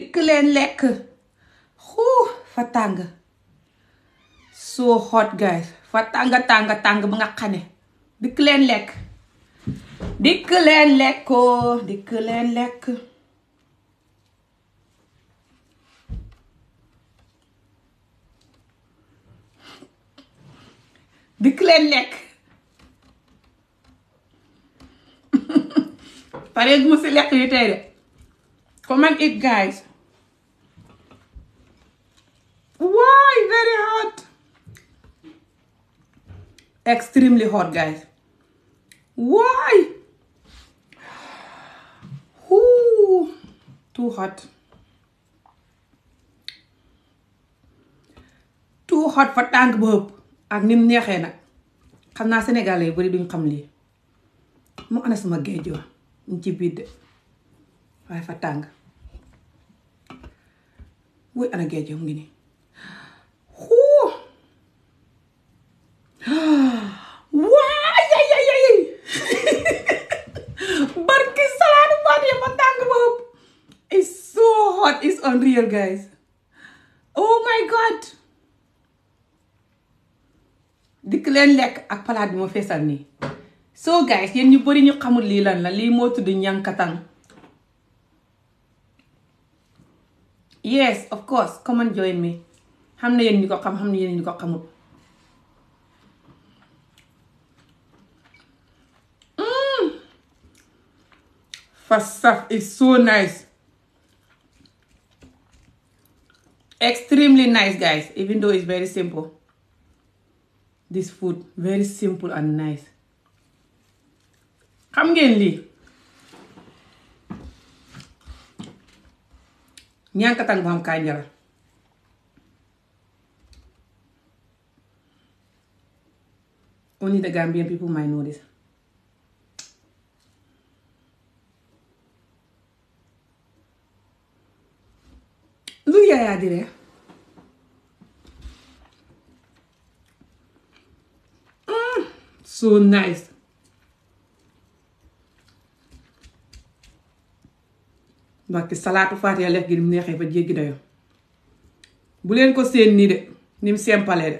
dikk leen lekk xuu fa tàng so hot guys fa tàng tàng tàng ba nga xane dikk leen lekk dikk leen lekkoo dikk lekk dikk leen lekk pare mu si lekk yu tey de comment it guys Why very hot? Extremely hot, guys. Why? Ooh, too hot. too hot fa tànk ba ëpp ak ni mu neexee nag xam naa sénégalais yu bari duñ xam lii mu ana sama géej wa ci biir de waaye fa tàng wuy ana géej mu ngi nii waay ay ay ay barki salaatu faatiya ma tàng ba ëpp it's so hot it's unreal guys oh my god dikk leen lekk ak palaat bi ma feesal nii so guys yéen ñu bari ñu xamul lii lan la lii moo tudd ñankatang yes of course come join me xam na yéen ñu ko xam xam na yéen ñu ko xamul fast stuff is so nice extremely nice guys even though it's very simple this food very simple and nice xam ngeen lii ñànkatan bu xam kànja la only the Gambian people might know this lu yaayaa di reer mm, so nice barki salaatu faatiha lekk gi ni mu neexee ba jéggi dayo bu leen ko seen nii de ni mu sempalee de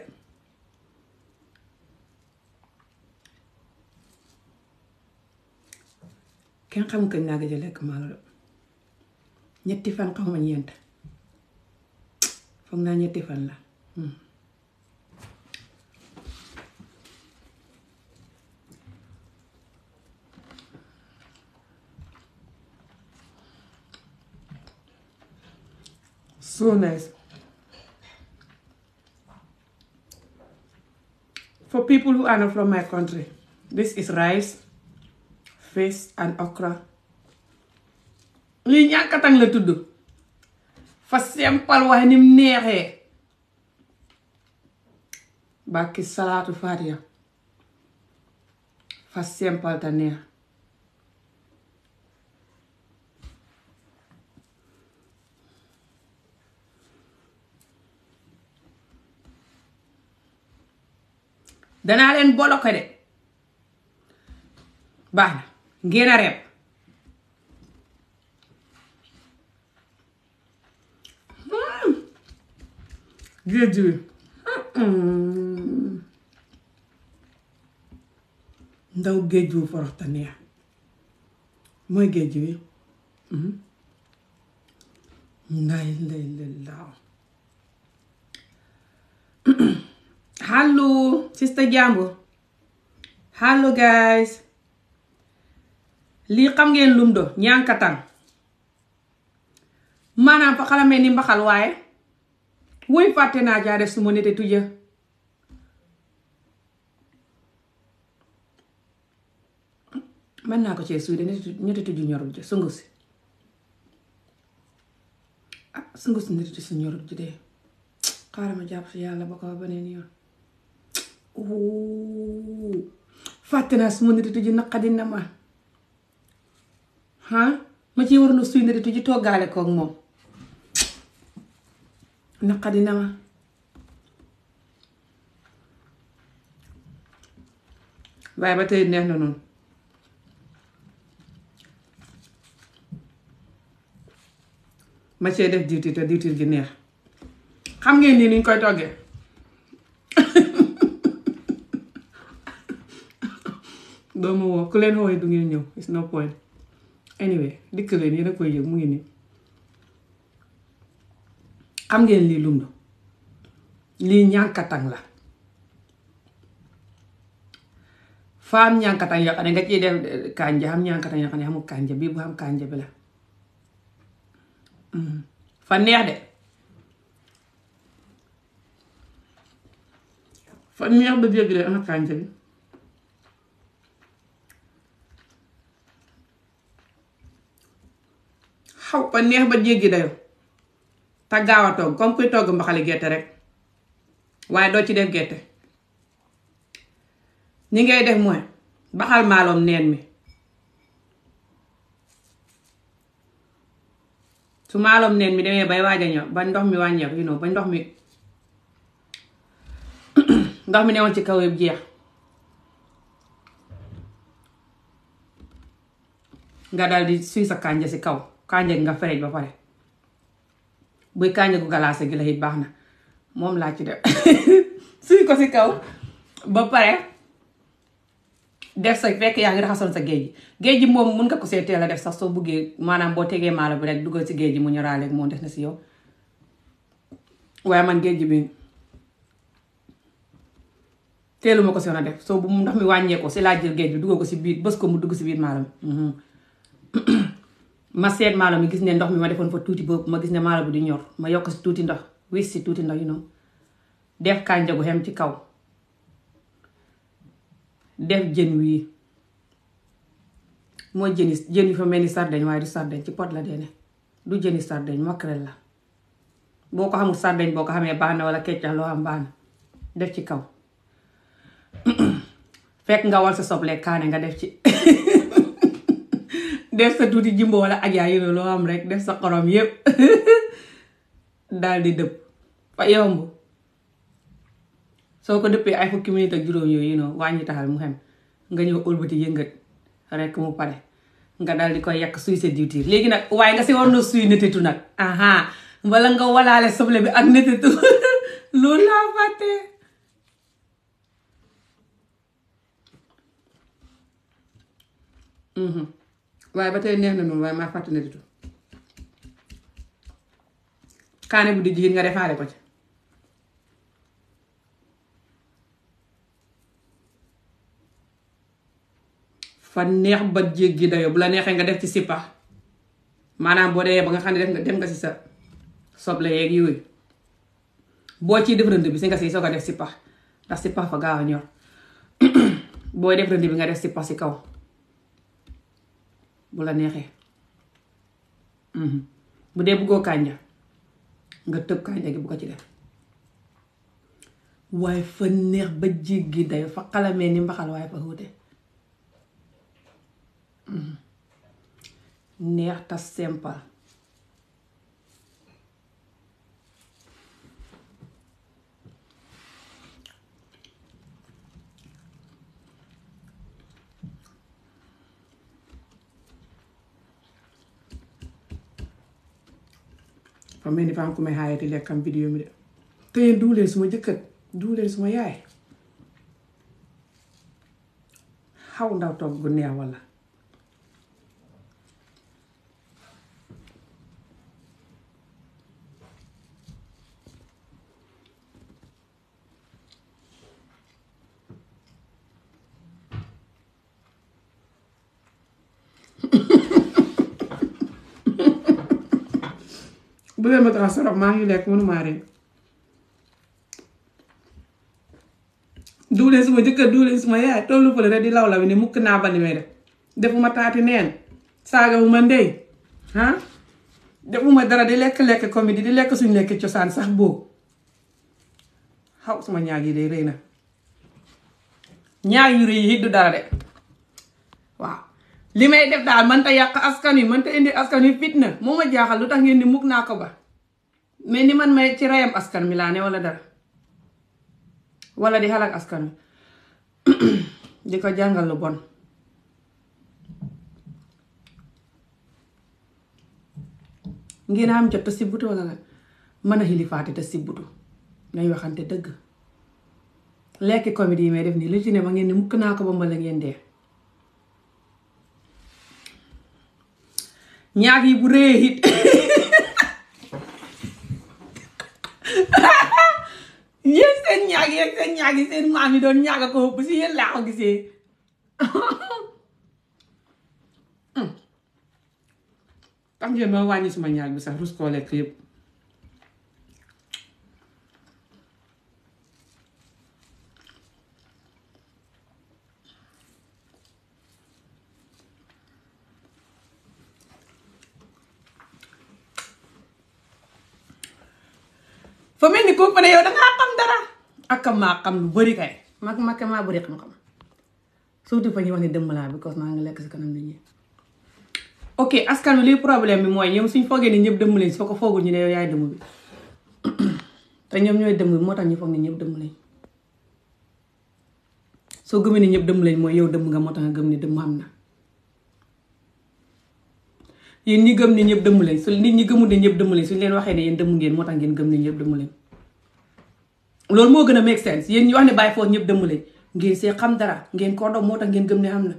kenn xamul kañ laa gëj a lekk maalo de ñetti fan xamuma ñeent foog naa ñetti fan la hmm. so nice for people who are not from my country this is rice fish and okra lii ñànkatang la tudd fa simple waaye ni mu neexee bàkki salaatu faatiya fa simple te neex danaa leen boloké de baax na ngeen grade 2 ndaw géej wu foroxta neex mooy géej wi mhm. nday nday nday laaw hallo sista jàmbo hallo guys lii xam ngeen lum do ñankatan maanaam fa xalamee ni mbaxal waaye woy fàtte naa jaare suma nete tuja mën naa ko cee suude nete tuju ñorul ji sungu si ah sungu si nete tuju si ji de xaaral ma jàpp si yàlla ba ko beneen yoon fàtte naa suma nete tuju naqadi ma ha ma ci waroon a suy nete tuju toggaale kook moom naqadi na ma waaye ba tey neex na noonu ma cee def diwtiir te diwtiir gi neex xam ngeen nii niñ koy toggee doo ma ku leen woowee du ngeen ñëw it's no point anyway dikk leen yéen a koy yëg mu ngi nii xam ngeen lii lum lii ñànkatang la faam ñànkatang yoo xam ne nga ciy def eh, kànja xam ñànkatang yoo ne xamul kànja bii bu xam kànja bi la mm-hmm. fa neex de fa neex ba jéggi de am kànja bi xaw fa neex ba jéggi dayoo te gaaw togg comme kuy togg mbaxali gerte rek waaye doo ci def gerte ñi ngay def mooy baxal maaloom neen mi su maaloom neen mi demee bay waaj a ñor ba ndox mi wàññeeku you know ba ndox mi ndox mi newoon ci kaw yëpp jeex nga dal di suy sa kànja ci kaw kànja gi nga ferej ba pare buy kànja gu galaase gi la it baax na moom laa ci def suy ko si kaw ba pare def sa fekk yaa ngi raxasoon sa géej géej gi moom mun nga ko see teel a def sax soo buggee maanaam boo tegee maalo bi rek dugal si géej bi mu ñoraaleeg moom def na si yow waaye man géej bi teelu ma ko si woon a def soo bu mu ndox mi wàññee si laa jël géej bi dugal ko si biir bës ko mu dugg si biir maalo mi mm-hmm. ma seet maalo mi gis ne ndox mi ma defoon fa tuuti boobu ma gis ne maalo bu du ñor ma yokk si tuuti ndox wis si tuuti ndox yu noonu def kànja gu xem ci kaw def jën wii mooy jëni jën yi fa mel ni sardeñ waaye du sardeñ ci pot la dee ne du jëni sardeñ makrel la boo ko xamul sardeñ boo ko xamee baax na wala keccax loo xam baax na def ci kaw fekk nga war sa soble kaani nga def ci def sa tuuti jimbo wala ajaa yi loo am rek def sa xorom yépp daal di dëpp fa yomb soo ko dëppee ay fukki minute ak juróom yooyu noonu mu xem nga ñëw ëlbati yëngat rek nga daal di koy yàq suy sa diwtiir léegi nag waaye nga si war na suy netetu nag aha wala nga walaale soble bi ak netetu loolu laa fàtte mhm. waaye ba tey neex na noonu waaye maa fàtte ne ditu kaane bu di jigéen nga defaale ko ci fa neex ba jéggi dayo bu la neexee nga def ci sippax maanaam boo dee ba nga xam ne def nga dem nga si sa soble yeeg yooyu boo ciy def rënd bi si nga si soog a def sippax ndax sippax ko gaaw a ñor booy def rënd bi nga def sippax si kaw bu la neexee mhm. bu dee bëggoo kànja nga tëb kànja gi bu ko ci def waaye fa neex ba jéggi day fa xalamee ni mbaxal waaye fa xuute mhm. neex ta simple fa mel ni fa am ku may xaayati lekkam vidéo mi de te yéen duuleen suma jëkkër duuleen suma yaay xaw ndaw togg gu neex walla doy ma trans maa ngi lekk mënumaa rek duuleen suma jëkkër duuleen suma yaay tollu fële rek di law lawi ne mukk naa ba li may def defuma taati neen saagawuma dara di lekk-lekk comédie di lekk suñ lekk cosaan sax boobu xaw suma ñaag rëy na ñaag yu rëy yi du may def daal mënta yàq askan wi mënta indi askan yi fitna moo ma jaaxal lu tax ngeen ni mukk naa ko ba mais ni man may ci reyam askan mi laa ne wala dara wala di xalak askan mi di ko jàngal lu bon ngeen am jot te sibbutu wala la mën a xilifaate te sibbutu nañ waxante dëgg lekk comédie yi may def nii lu ci ne ma ngeen ni mukk naa ko ba mbala ngeen dee ñaag yi bu rëyee it yéen seen ñaag yéen seen ñaag yi seen maam yi doon ñaaga ko bu si yéen laa ko gisee hmm. tax ngeen ma wàññi suma ñaag bi sax rus koo lekk yëpp kooku ma ne yow dangaa xam dara ak maa xam lu bëri kay mag ma ka maa bëri xam-xam surtout fa ñuy wax ne dëmm laa because maa ngi lekk si kanam nit ñi ok askan wi lii problème bi mooy ñoom suñ foogee ni ñëpp dëmm lañ soo ñu ne yow yaay te ñoom ñooy dëmm bi moo tax ñu foog ñëpp dëmm lañ soo gëmee ne ñëpp dëmm lañ mooy yow dëmm nga moo gëm ne dëmm am na yéen ñi gëm ne ñëpp dëmm lañ su nit leen waxee ne yéen dëmm ngeen moo tax ngeen gëm ne ñëpp dëmm lañ loolu moo gën a make sense yéen ñu wax ne bàyyi foofu ñëpp dëmm lañ ngeen see xam dara ngeen koo doon moo tax ngeen gëm ne am na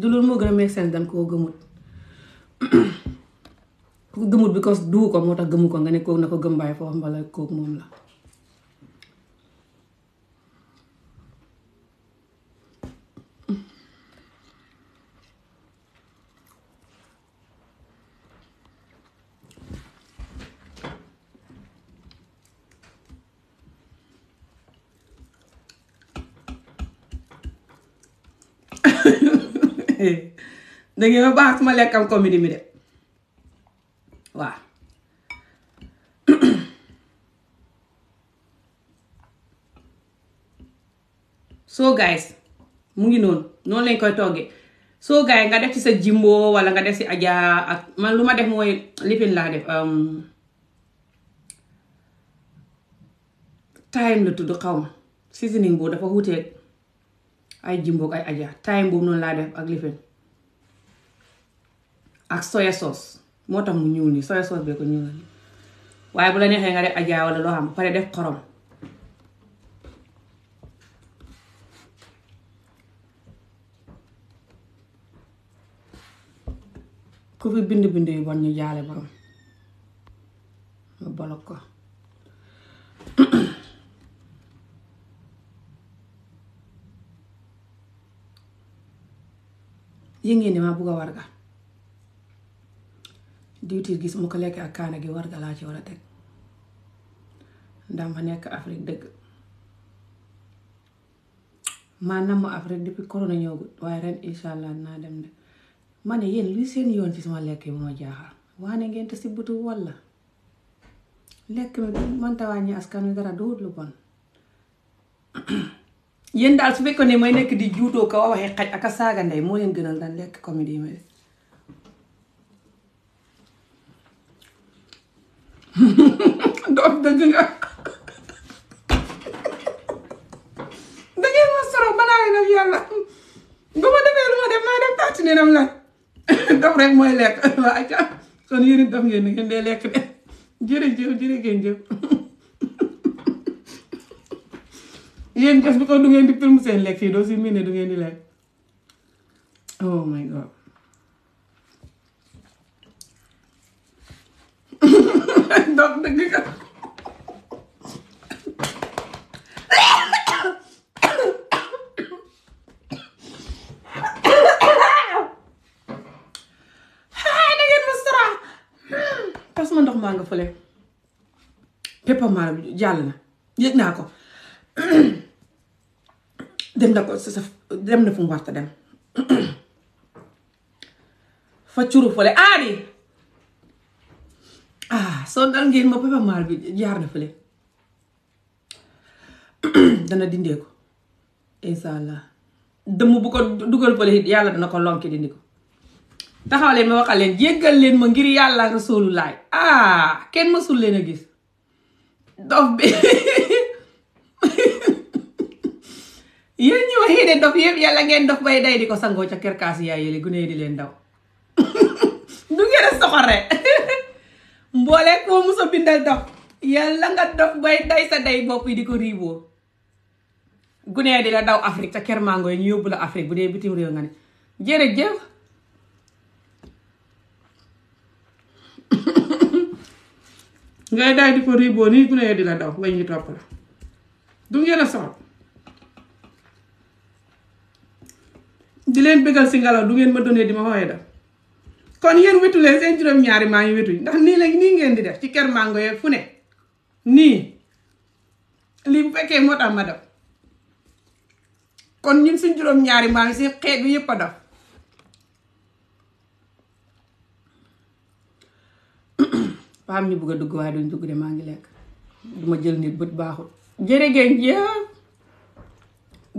du loolu moo gën a make sense dañ koo gëmut ku gëmut because du ko moo tax gëmu ko nga ne kooku na ko gëm bàyyi foofu mbala kooku moom la da ngeen baax su ma lekkal comédie mi de waaw so guys mu ngi noonu noonu lañ koy toggee so guys nga def ci sa jimboo wala nga def ci aja ak man lu ma def mooy lifin laa def um, time la tudd xaw ma seasoning boobu dafa wutee ay jimboog ay aja time boobu noonu laa def ak lifin ak soya sauce moo tax mu ñuul nii soya sauce bee ko ñuul nii waaye bu la neexee nga def aja wala loo xam pare def xorom ku fi bind bind yu bon ñu jaale borom nga bolok ko yëngee ne maa bugg a warga diwtiir gis mu ko lekk ak kaana gi warga laa ci war a teg ndax ma nekk Afrique dëgg maa nam ma Afrique depuis corona ñëwgut waaye ren incha naa dem de ne yéen luy seen yoon ci sama lekk yi moo jaaxal waane ngeen te si butu walla lekk mi mënta wàññi askan wi dara duwut lu bon yéen daal su fekkoon ne may nekk di juutoo ko waxee xaj ak a saaga ndey moo leen gënal daan lekk comédie yi ma def doom dëgg ma defee lu ma def may def tàcc ne nam daf rek mooy lekk waa aca kon yéen itam ngeen ngeen dee lekk de jërëjëf jërë ngeen jëf yéen gas bi kon du ngeen di seen lekk yi doo si miine du ngeen di lekk oh my god donc dëgg nga tas ma ndox maa nga fële peppa maa jàll na yëg naa ko dem na ko sa sa dem na fu mu warta dem fa curu fële aadi ah soo dal ngeen ma Papa bi jaar na fële dana dindee ko incha allah bu ko dugal fële it yàlla dana ko lonki dindi ko taxaw leen ma waxal leen jéggal leen ma ngir yàlla rasulullaay ah kenn mësul leen a gis dof bi yéen ñi wax yéene dof yëpp yàlla ngeen dof bay day di ko sangoo ca kër kaas yaay yële gune di leen daw du ngeen a soxore mboolee koo mus a bindal dof yàlla nga dof bay day sa day bopp yi di ko riiboo gunee yi di la daw Afrique ca kër mango yi ñu yóbbu la Afrique bu dee bitim réew nga ne jërëjëf ngay day di ko riiboo nii gune di la daw weñ topp la du ngeen soxor di leen bëggal si ngelaw du ngeen ma donee di ma woowee da kon yéen wetu leen seen juróom-ñaari maa ngi wetuñ ndax nii léegi nii ngeen di def ci kër mango yeeg fu ne nii lii bu fekkee moo tax ma def kon ñun suñ juróom-ñaari maa yëpp a def ba am ñu bëgg dugg waaye duñ dugg de maa ngi lekk duma jël nit bët baaxul jërë ngeen jëf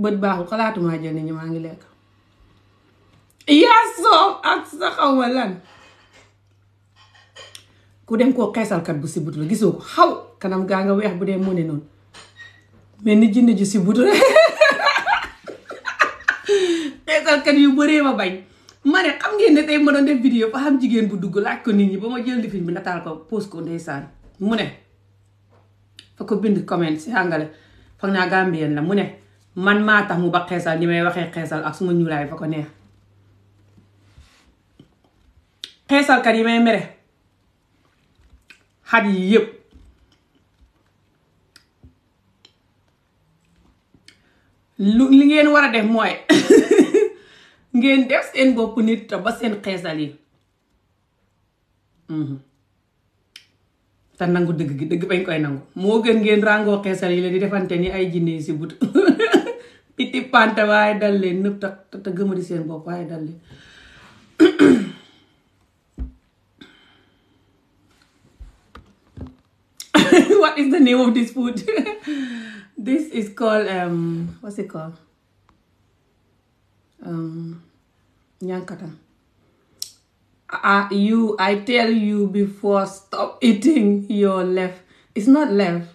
bët baaxul xalaatumaa jël nit ñi maa ngi lekk yaasoom ak sa xaw ma lan ku dem koo xeesalkat bu si butu la gisoo ko xaw kanam gaa nga weex bu dee mu ne noonu mel ni jinne ji si butu la xeesalkat yu bëree ma bañ ma ne xam ngeen ne tey ma a def vidéo ba xam jigéen bu dugg laaj ko nit ñi ba ma jël lifin bi nataal ko pose ko ndeysaan mu ne fa bind comment si àngale foog naa gambien la mu ne man maa tax mu ba xeesal ni may waxee xeesal ak suma ñuulaay fa ko neex xeesalkat yi may mere xat yi yépp lu li ngeen war a def mooy ngeen def seen bopp nit te ba seen xeesal yi mhm. te nangu dëgg gi dëgg bañ koy nangu moo gën ngeen ràngoo xeesal yi la di defante ni ay jinne si but piti pante waaye dal leen nëpp te te gëma seen bopp waaye dal leen what is the name of this food? this is called um what's um, you I tell you before stop eating your left. It's not left.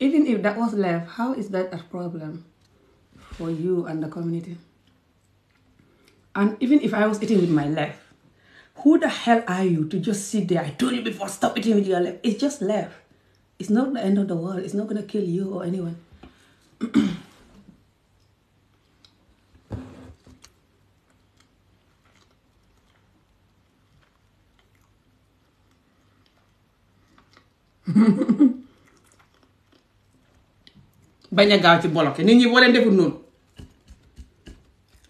Even if that was left, how is that a problem for you and the community? And even if I was eating with my left, who the hell are you to just sit there? I told you before, stop eating with your left. It's just left. It's not the end of the world. It's not going to kill you or anyone. bañ a gaaw ci bloqué nit ñi boo defut noonu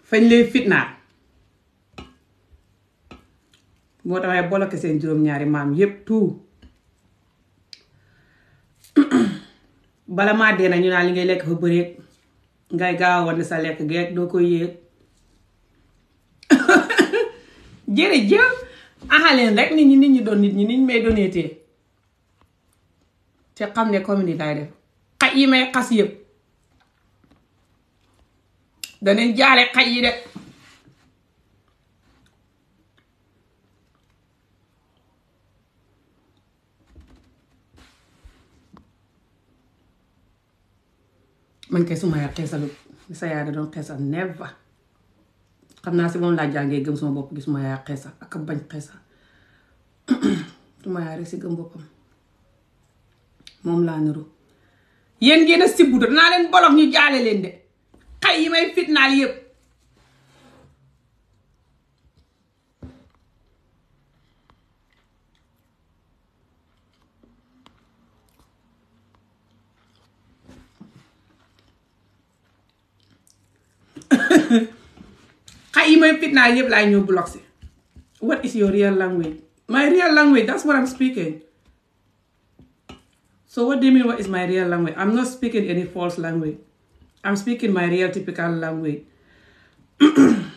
fañ lay fitnaal moo tax waaye seen juróom-ñaari maam yépp tu bala maa dee nag ñu naan li ngay lekk fa bëreeg ngay gaaw woon sa lekk geeg doo koy yéeg jërëjëf axaleen rek nit ñi nit ñi doon nit ñi nit ñi may doneetee te xam ne commune def xaj yi may xas yëpp danañ jaare xaj yi de man kay suma yaay xeesalu sa yaay da doon xeesal never xam naa si moom laa jàngee gëm suma bopp gi suma yaay xeesal ak bañ xeesal suma yaay rek si gëm boppam moom laa niru yéen ngeen a sibbu danaa leen bolox ñu jaale leen de xay yi may fitnaal yëpp xay yi may fitnaal yëpp laay ñëw block si what is your real language my real language that's what I'm speaking so what do you mean what is my real language I'm not speaking any false language I'm speaking my real typical language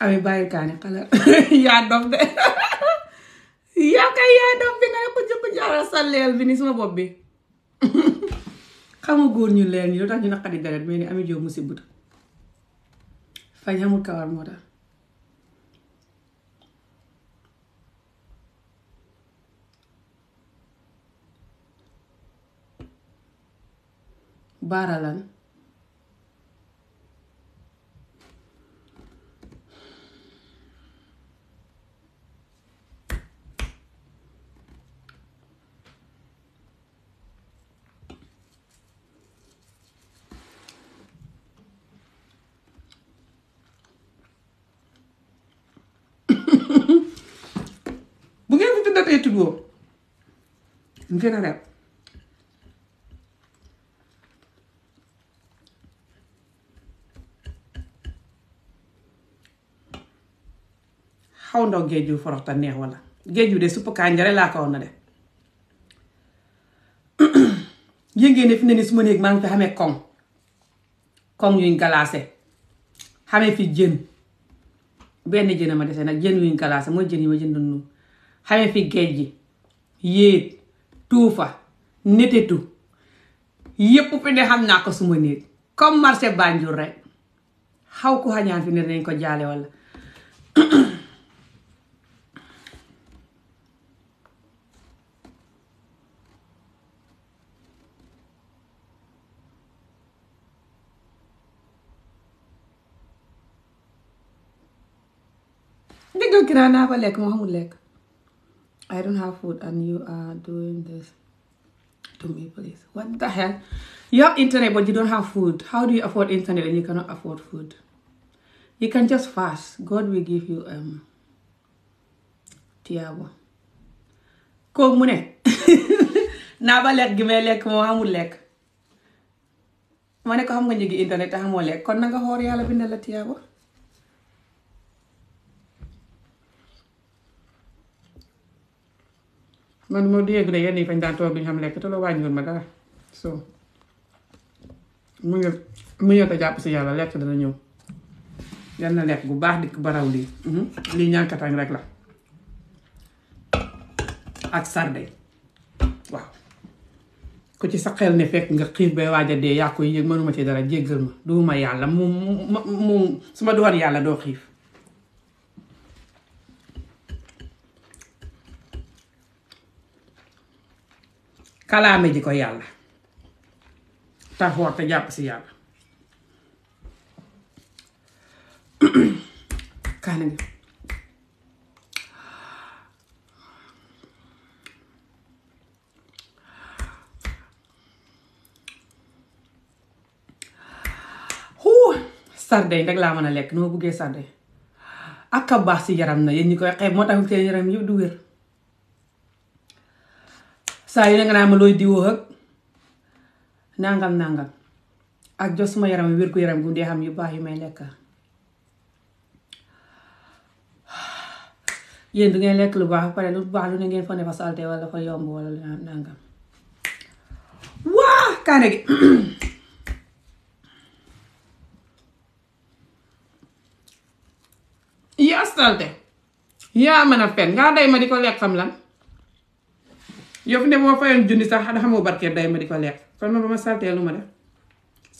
Ami bàyyi kaani xalaat yaa dof de yow kay yaay dof bi nga ko jëkk jaaral sa leel bi ni suma bopp bi xam góor ñu leel ñi lu tax ñu naqari deret mais ni Ami Jóob mu si but fañ xamul kawar moo tax baaralan Ripetulo. In generale. xaw ndaw géej yu foroxta neex wala géej yu de supp kànjare laa ko woon na de yëngee ne fi ne ni su ma néeg maa ngi fi xamee koŋ koŋ yuñ galaase xamee fi jën benn jën ma dese nag jën yuñ galaase mooy jën yi ma jëndoon noonu xawe fi géej gi yéet tuufa netetu yépp fi ne xam naa ko suma néeg comme marché Banjul rek xaw ku xañaan fi ne dañ ko jaale walla ndéggal giraar naa ba lekk moo xamul lekk I don't have food and you are doing this to me, please. What the hell? You have internet, but you don't have food. How do you afford internet and you cannot afford food? You can just fast. God will give you um tiyaaba. Kooku mu ne naa ba lekk gi may lekk moo xamul lekk ma ne ko xam nga njëgi internet te xamoo lekk kon na nga xoor yàlla bindal la tiyaaba. man ma dégg ne yenn yi fañ daan toog duñ xam lekk te loo wàññiwoon ma dara so mu ñëw si yàlla lekk dana ñëw yal lekk bu baax dikk baraw lii lii rek la ak sarde waaw ku ci ne fekk nga xiif bay waaj a dee yaa koy yëg ci dara jéggal ma yàlla mu mu mu su ma doon yàlla doo xiif kalaame ji ko yàlla taxoor te jàpp si yàlla kaani huu sardin rek laa mën a lekk ni ma buggee sardin ak baax ci yaram na yéen ñi koy xeeb moo tax seen yaram yëpp du wér saa yu ne naa ma looy diwoo ak nangam ak jox suma yaram wér gu yaram gu dee xam yu baax yu may lekk yéen du ngay lekk lu baax pare lu baax lu ne ngeen fa ne fa salte wala dafa yomb wala nangam waa kaane gi yaa salte yaa mën a fen ngaa day ma di ko lekk xam yow fi ne moo fayoon junni sax da xamoo barkeel day ma di ko lekk kon man ba ma saltee lu ma def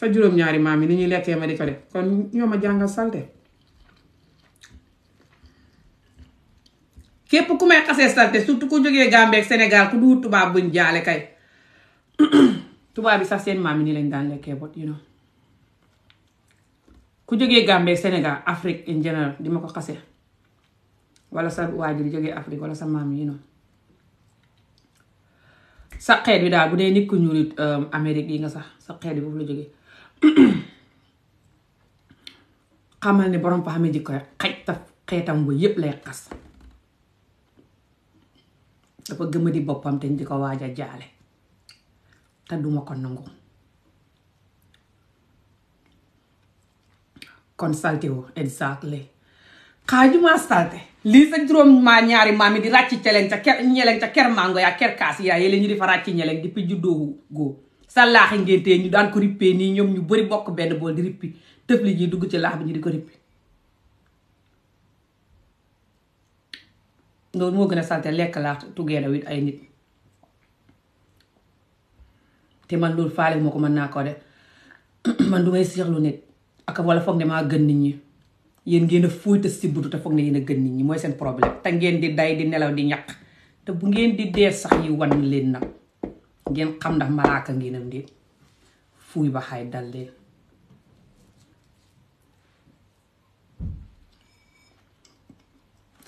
sa juróom-ñaari maam yi ni ñuy lekkee ma di ko def kon ñoo ma jàngal salte képp ku may xasee salte surtout ku jógee Gambie ak Sénégal ku du tubaab buñ jaale kay tubaab bi sax seen maam yi nii lañ daan lekkee bot you know ku jógee Gambie Sénégal Afrique in general di ma ko xase wala sa waajur jógee Afrique wala sa maam yi you sa xeet bi daal bu dee nit ku ñuul euh, Amérique yi nga sax sa xeet bi foofu la jógee xamal ne borom fa xamee jikko xaj taf xeetam ba yëpp lay xas dafa gëma di boppam te di ko waaj a jaale te duma ko nangu kon saltiwu exactly xaajuma salte lii sa juróom maa ñaari maam yi di ràcc ca leen ca ker ñeleen ca ker mango yaa ker kaas yaa yéen ñu di fa ràcc ñeleen depuis juddoo goo sa laaxi ngéntee ñu daan ko rippee nii ñoom ñu bari bokk benn boo di rippi tëfli ji dugg ci laax bi ñu di ko rippi loolu moo gën a salte lekk laax together with ay nit te man loolu faale moo ko mën naa ko de man du may seexlu nit ak wala foog ne maa gën nit ñi yéen ngeen a fóoyta si butu te foog na yéen gën nit ñi mooy seen problème te ngeen di day di nelaw di ñaq te bu ngeen di dee sax yi wan leen nag ngeen xam ndax malaaka ngeen am déet fuuy ba xaay dal leen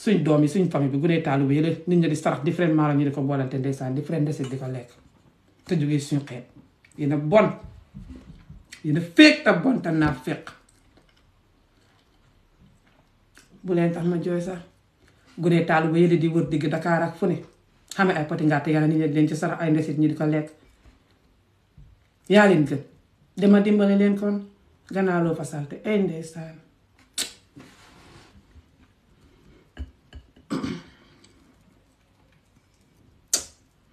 suñ doom yi suñ famille bi bu dee taalu bi yële nit ñi di sarax différent maalo ñu di ko boolante ndeysaan différent ndesit di ko lekk te jógee suñ xeet yéen a bon yéen a te bon te naa féq bu leen tax ma jooy sax gune taal ba yële di wër digg Dakar ak fu ne xame ay poti ngàtt yàlla nit ñi leen ci di ko lekk yaa leen gën dama dimbale leen kon gannaaw loo fa salte ay ndeysaan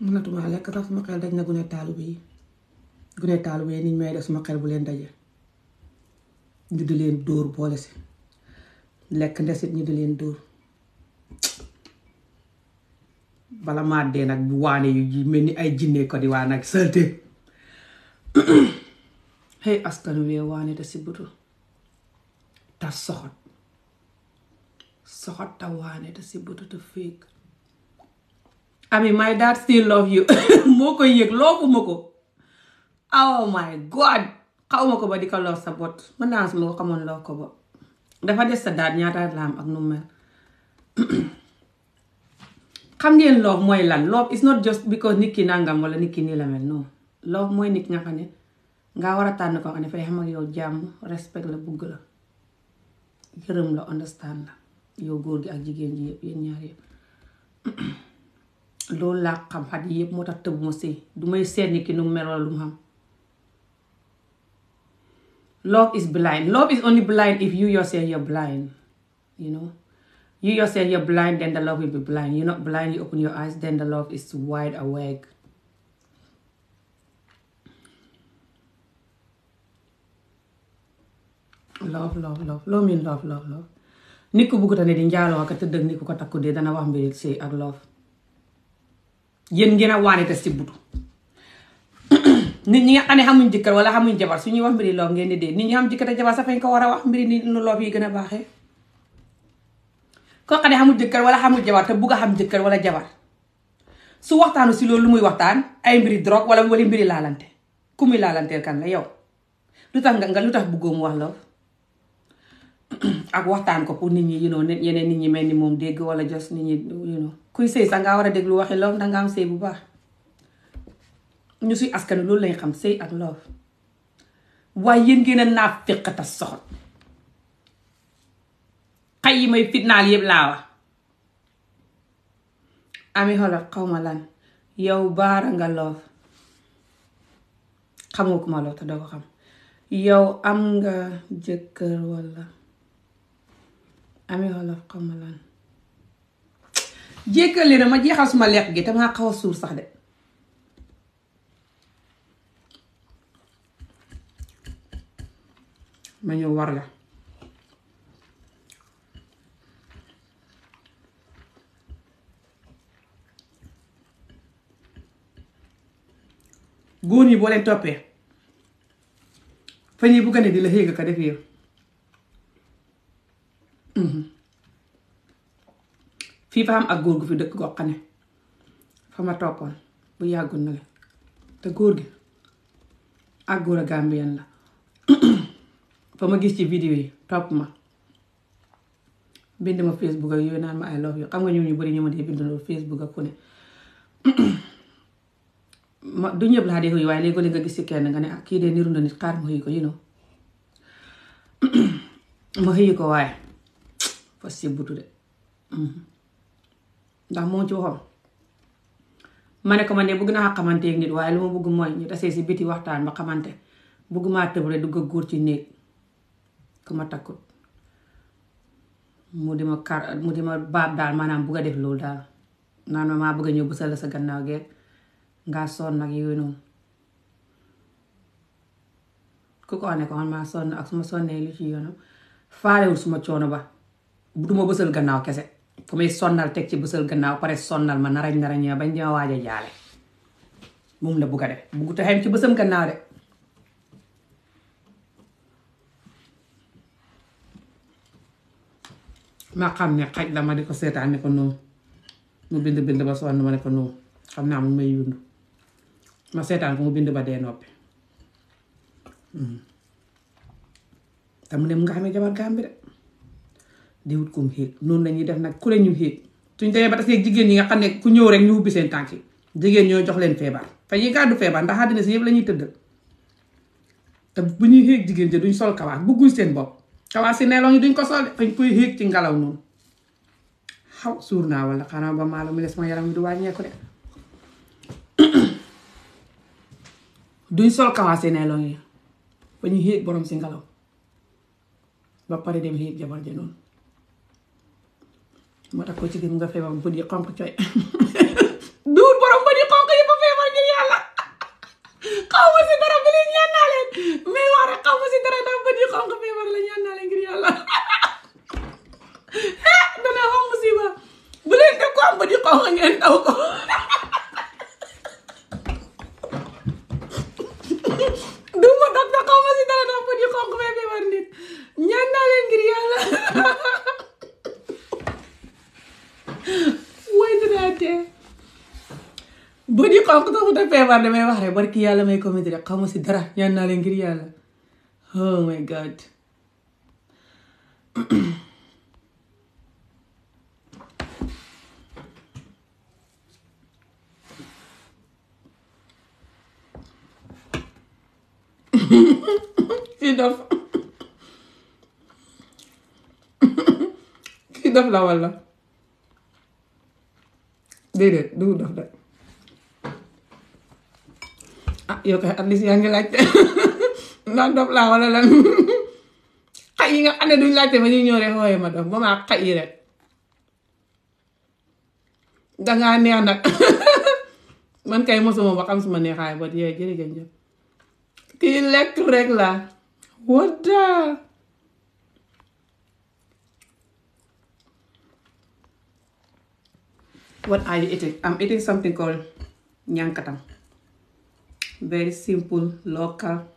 mënatuma lekk tax suma xel daj na gune taalibe yi gune taalibe yi niñ may def suma xel bu leen daje ñu di leen dóor boole si lekk ndesit ñi di leen dóor bala maa dee nag bu waane yu mel ni ay jinne ko di waa nag salte xëy askan wee waane te si butu ta soxot soxot ta waane te si butu te féeg ami my dad still love you moo koy yëg loofu ma ko oh my god xaw ko ba di ko lor sa bot mën naa su ma ko xamoon lor ko ba dafa des sa daat ñaata la am ak nu mel xam ngeen love mooy lan love is not just because nit ki nangam wala nit ki nii la mel non love mooy nit nga xam ne nga war a tànn koo xam ne fay xam ak yow jàmm respect la bugg la gërëm la understand la yow góor gi ak jigéen ji yëpp yéen ñaar yëpp loolu laa xam xat yi moo tax tëb ma sëy du may seet nit ki mel wala lu xam love is blind love is only blind if you yourself you're blind you know you yourself you're blind then love will be blind you're not blind you open your eyes then love is wide awake love love love loo mean love love love nit ku bugguta ne di njaaloo ak tëdd ak nit ku ko takku dee dana wax mbiri sëy ak love yéen ngeen a waane si butu nit ñi nga xam ne xamuñ jëkkër wala xamuñ jabar ñuy wax mbiri loof ngeen di dee nit ñi xam jëkkër ak jabar sax fañ ko war a wax mbiri ni nu gën a baaxee koo xam wala xamul jabar te bugg a xam jëkkër wala jabar su waxtaanu si loolu lu muy waxtaan ay mbiri drogue wala wala mbiri laalante ku muy laalanteel kan la yow lu tax nga nga lu tax buggoo mu wax loof ak waxtaan ko pour nit ñi you yeneen nit ñi mel ni moom dégg wala jos nit ñi you know kuy sëy sax ngaa war a déglu waxi loof ndax nga bu baax ñu suy askanu loolu lañ xam sëy ak loof waaye yéen ngeen a naa féqata soxot xay yi may fitnaal yëpp laa wax ami xoolal xawma lan yow baara nga loof xam nga ku ma love te doo ko xam yow am nga jëkkër walla ami xaw xawma lan jékkal na ma jeexal suma lekk gi te maa xaw a suur sax de ma ñëw war la góor ñi boo leen toppee fa ñuy bugga ne di la xéega ka def yow mhm. fii fa am ak góor gu fi dëkk gox ne fa ma toppoon bu yàggul na la te góor gi ak góor a Gambien la fa ma gis ci vidéo yi topp ma bind ma Facebook ak yooyu naan ma I love you xam nga ñun ñu bari ñu ma dee bind loolu Facebook ak ku ne ma du ñëpp laa dee xëy waaye léegi nga gis ci kenn nga ne ah kii dee niru nit ma xëy ko you know ma ko waaye fas si butu de mm-hmm. ndax ne bugg naa xamante ak nit waaye lu ma bëgg mooy ñu tasee si biti waxtaan ba xamante bëgg maa tëb rek dugg góor ci néeg ku ma takkut mu di ma kar mu di ma baab daal maanaam bugg a def loolu daal naan ma maa bëgg a ñëw bësal la sa gannaaw geeg ngaa sonn nag yooyu noonu ko ne ko ak suma sonnee lu ci yoonu faalewul suma coono ba du ma bësal gannaaw kese fu may sonnal teg ci bësal gannaaw pare sonnal ma narañ narañ bañ di ma waaj a jaale moom la bugg a def bugg te ci bësam gannaaw de ma xam ne xaj la ma di ko seetaan ne ko noonu mu bind bind ba sonn ma ne ko noonu xam naa mu may yundu ma seetaan ko mu bind ba dee noppi hmm. te mu ne mu nga xamee jabar Gàmbi de di wut kum xiig noonu lañuy def nag ku leen ñu xiig suñ demee ba tasee jigéen ñi nga xam ne ku ñëw rek ñu ubbi seen tànk yi jigéen ñoo jox leen feebar fa ñuy gàddu feebar ndax àddina si yëpp lañuy ñuy tëdd te bu ñuy xiig jigéen ja duñ sol kawaas bëgguñ seen bopp kawaas yi neeloo ñu duñ ko sol dañ koy hiig ci ngelaw noonu xaw suur naa wala xanaa ba maalo mu les ma yaram wi du wàññeeku de duñ sol kawaas yi neeloo yi ba ñu hiig borom si ngelaw ba pare dem hiig jabar ja noonu moo tax ko ci gën nga feebar bët yi xonq coy duur borom bët yi xonq yi ba feebar ngir yàlla xaw ma si dara bi leen ñaan naa leen mais wax rek xaw ma si dara bët yu xonq feebar la ñaan naa leen ngir yàlla dana xaw musiba bu leen def ko am bët yu xonq ngeen daw ko du ma dog da xaw ma si dara ndax bët yu xonq fee feebar nit ñaan naa leen ngir yàlla way dinaa tee bët yu xonq taxut a feebar damay wax rek barki yàlla may comédie rek xaw dara ñaan naa leen ngir yàlla Oh my God. kii dof kii dof la walla déedéet du dof de ah yow at least yaa ngi laajte ndax dof laa wala lan xaj yi nga xam ne laajte ba ñuy ñëw rek xooye ma dof ba maa xaj yi rek dangaa neex nag man kay mosuma ba xam suma neexaay ba yee jërëjëf jëf kii lekk rek la wadda what are you eating I'm eating something called ñànkatam very simple local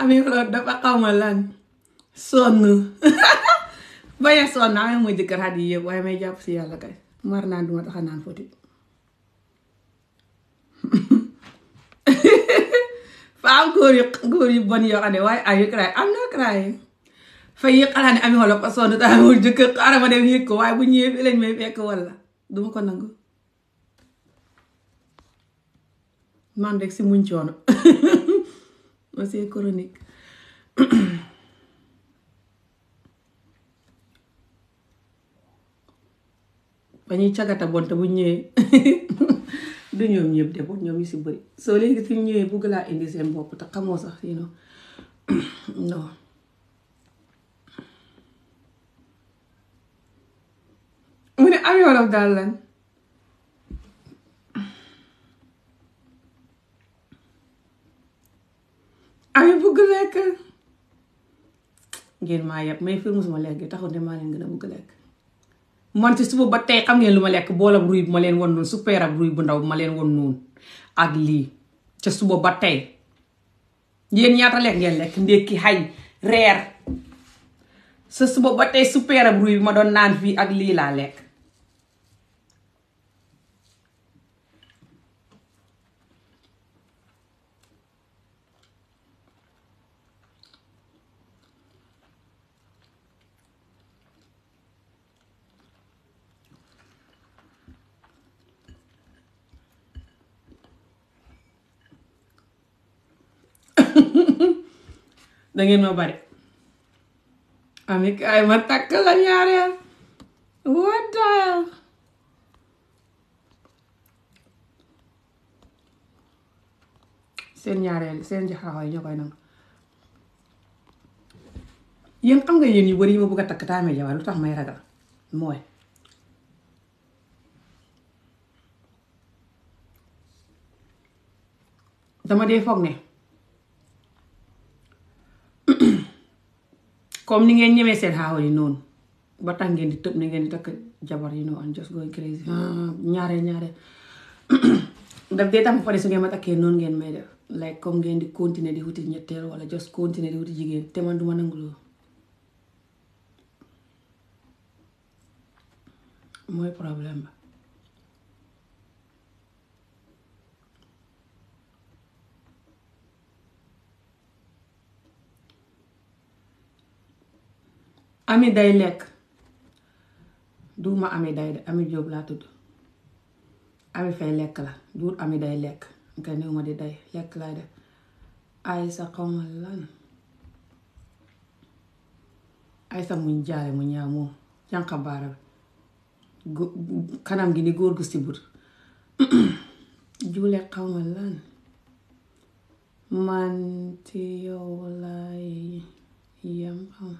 amee loolu dafa xaw ma lan sonn bañ sonn amee mooy jëkkër xat yi yëpp waaye may jàpp si yàlla kay mar naan duma tax a naan fóoti faa góor yu góor yu bon yoo xam ne waaye are you crying I'm not crying fa yëg xalaat ne amee wala ko sonn tax amul jëkkër xaaral ma dem yëg ko waaye bu ñëwee fii lañ may fekk wala duma ko nangu man rek si muñ coono monsieur chronique ba ñuy cagata bonte bu ñëwee du ñoom ñëpp de boobu ñoom ñu si bëri soo léegi fi ñëwee bugg laa indi seen bopp te xamoo sax you know mu ne am yoolof daal lan ami bëgg lekk ngeen maa yeb mais fir musuma lekk gi taxul ne maa leen gën a bëgg lekk man ci suba ba tey xam ngeen lu ma lekk boolab ruy bu ma leen won noonu super ab ruy bu ndaw bu ma leen won noonu ak lii ca suba ba tey yéen ñaata lekk ngeen lekk ndékki xañ reer sa suba ba tey super ab ruy bi ma doon naan fii ak lii laa lekk da ngeen ma bari ami kaay ma takk la ñaareel ah. what seen ñaareel seen jaxaaxoo yi ñoo koy nangu yéen xam nga yéen yu bari ma bëgg a takk taa amee lu tax may ragal mooy dama dee foog ne comme ni ngeen ñemee seen xaaw yi noonu ba tax ngeen di tëb ne ngeen di takk jabar yi noonu just going crazy ñaareel ah, ñaareel daf dee tax ma pare su ngeen ma takkee noonu ngeen may def like comme ngeen di continuer di wuti ñetteel wala just continuer di wuti jigéen te man duma nangu loolu mooy problème ba ami day lekk duuma ami day de ami jóob laa tudd ami fay lekk la duur ami day lekk nga néew ma di day lekk laay def ay sa xawma lan ay sa muñ jaale mu ñaaw moom jànqa baara bi kanam gi ni góor gu sibur juule xawma lan man ci yow laay yem xam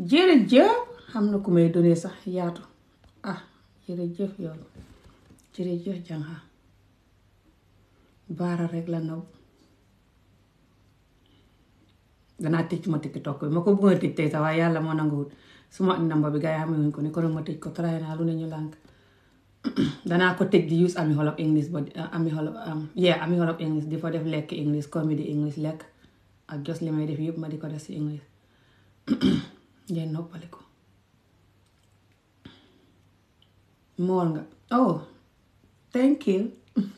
jërëjëf xam na ku may donee sax yaatu ah jëf yow jërëjëf janxa baara rek la naw danaa tëj ma tiktok bi ko bëggoon a tëj waaye yàlla moo nanguwul suma namba bi gaa yi xamee wuñ ko ni kon ko try naa lu ne ñu lànk danaa ko tëj di use ami xolof english ba uh, ami xolof um, yeah ami xolof english di fa def lekk english comedy english lekk ak jos li may def yëpp ma di ko def si english ngeen noppaliku mool nga oh thank you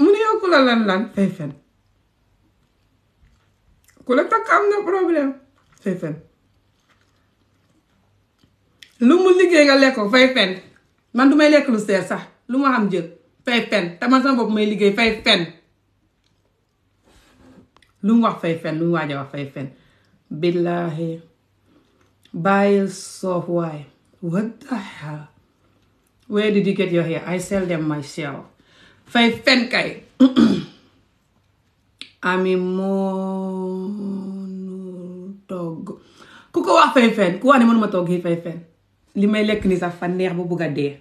mu ne yow ku lan lan fay fen ku la am na problème fay fen lu mu liggéey nga lekk fay fen man du may lekk lu seer sax lu ma xam jël fay fen te man sama bopp may liggéey fay fen lu mu wax fay fen lu mu waaj a wax fay fen billaahi bàyyil soof waay what the hell where did I sell them myself fay fen kay ami mënul togg ku ko wax fay fen ku wax ne mënuma togg yi fay fen li may lekk ni sax fa neex ba bugg a dee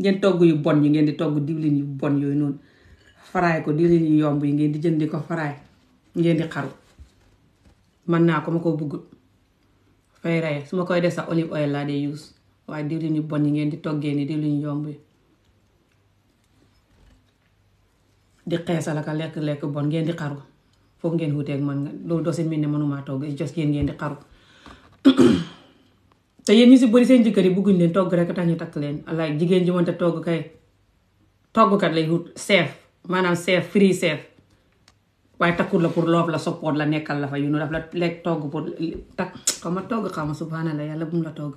ngeen togg yu bon yi ngeen di togg diwlin yu bon yooyu noonu faraay ko diwlin yu yomb yi ngeen di jëndi ko faraay ngeen di xaru man naa ko ma ko bugg fay rey su ma koy def sax olive oil laa dee use waaye diwlin yu bon yi ngeen di toggee ni diwlin yu yomb di xeesal ak lekk lekk bon ngeen di xaru foog ngeen wuteeg man nga loolu dosin mi ne mënumaa togg jos yéen ngeen di xaru te yéen si bëri seen jëkkër yi bëgguñ leen togg rek tax ñu takk leen alaay jigéen ji mënta togg kay kat lay wut chef maanaam chef free chef waaye takkul la pour loof la soppoot la nekkal la fa yu nu daf la lekk togg pour takk xaw ma togg xaw ma subhanallah yàlla bu mu la togg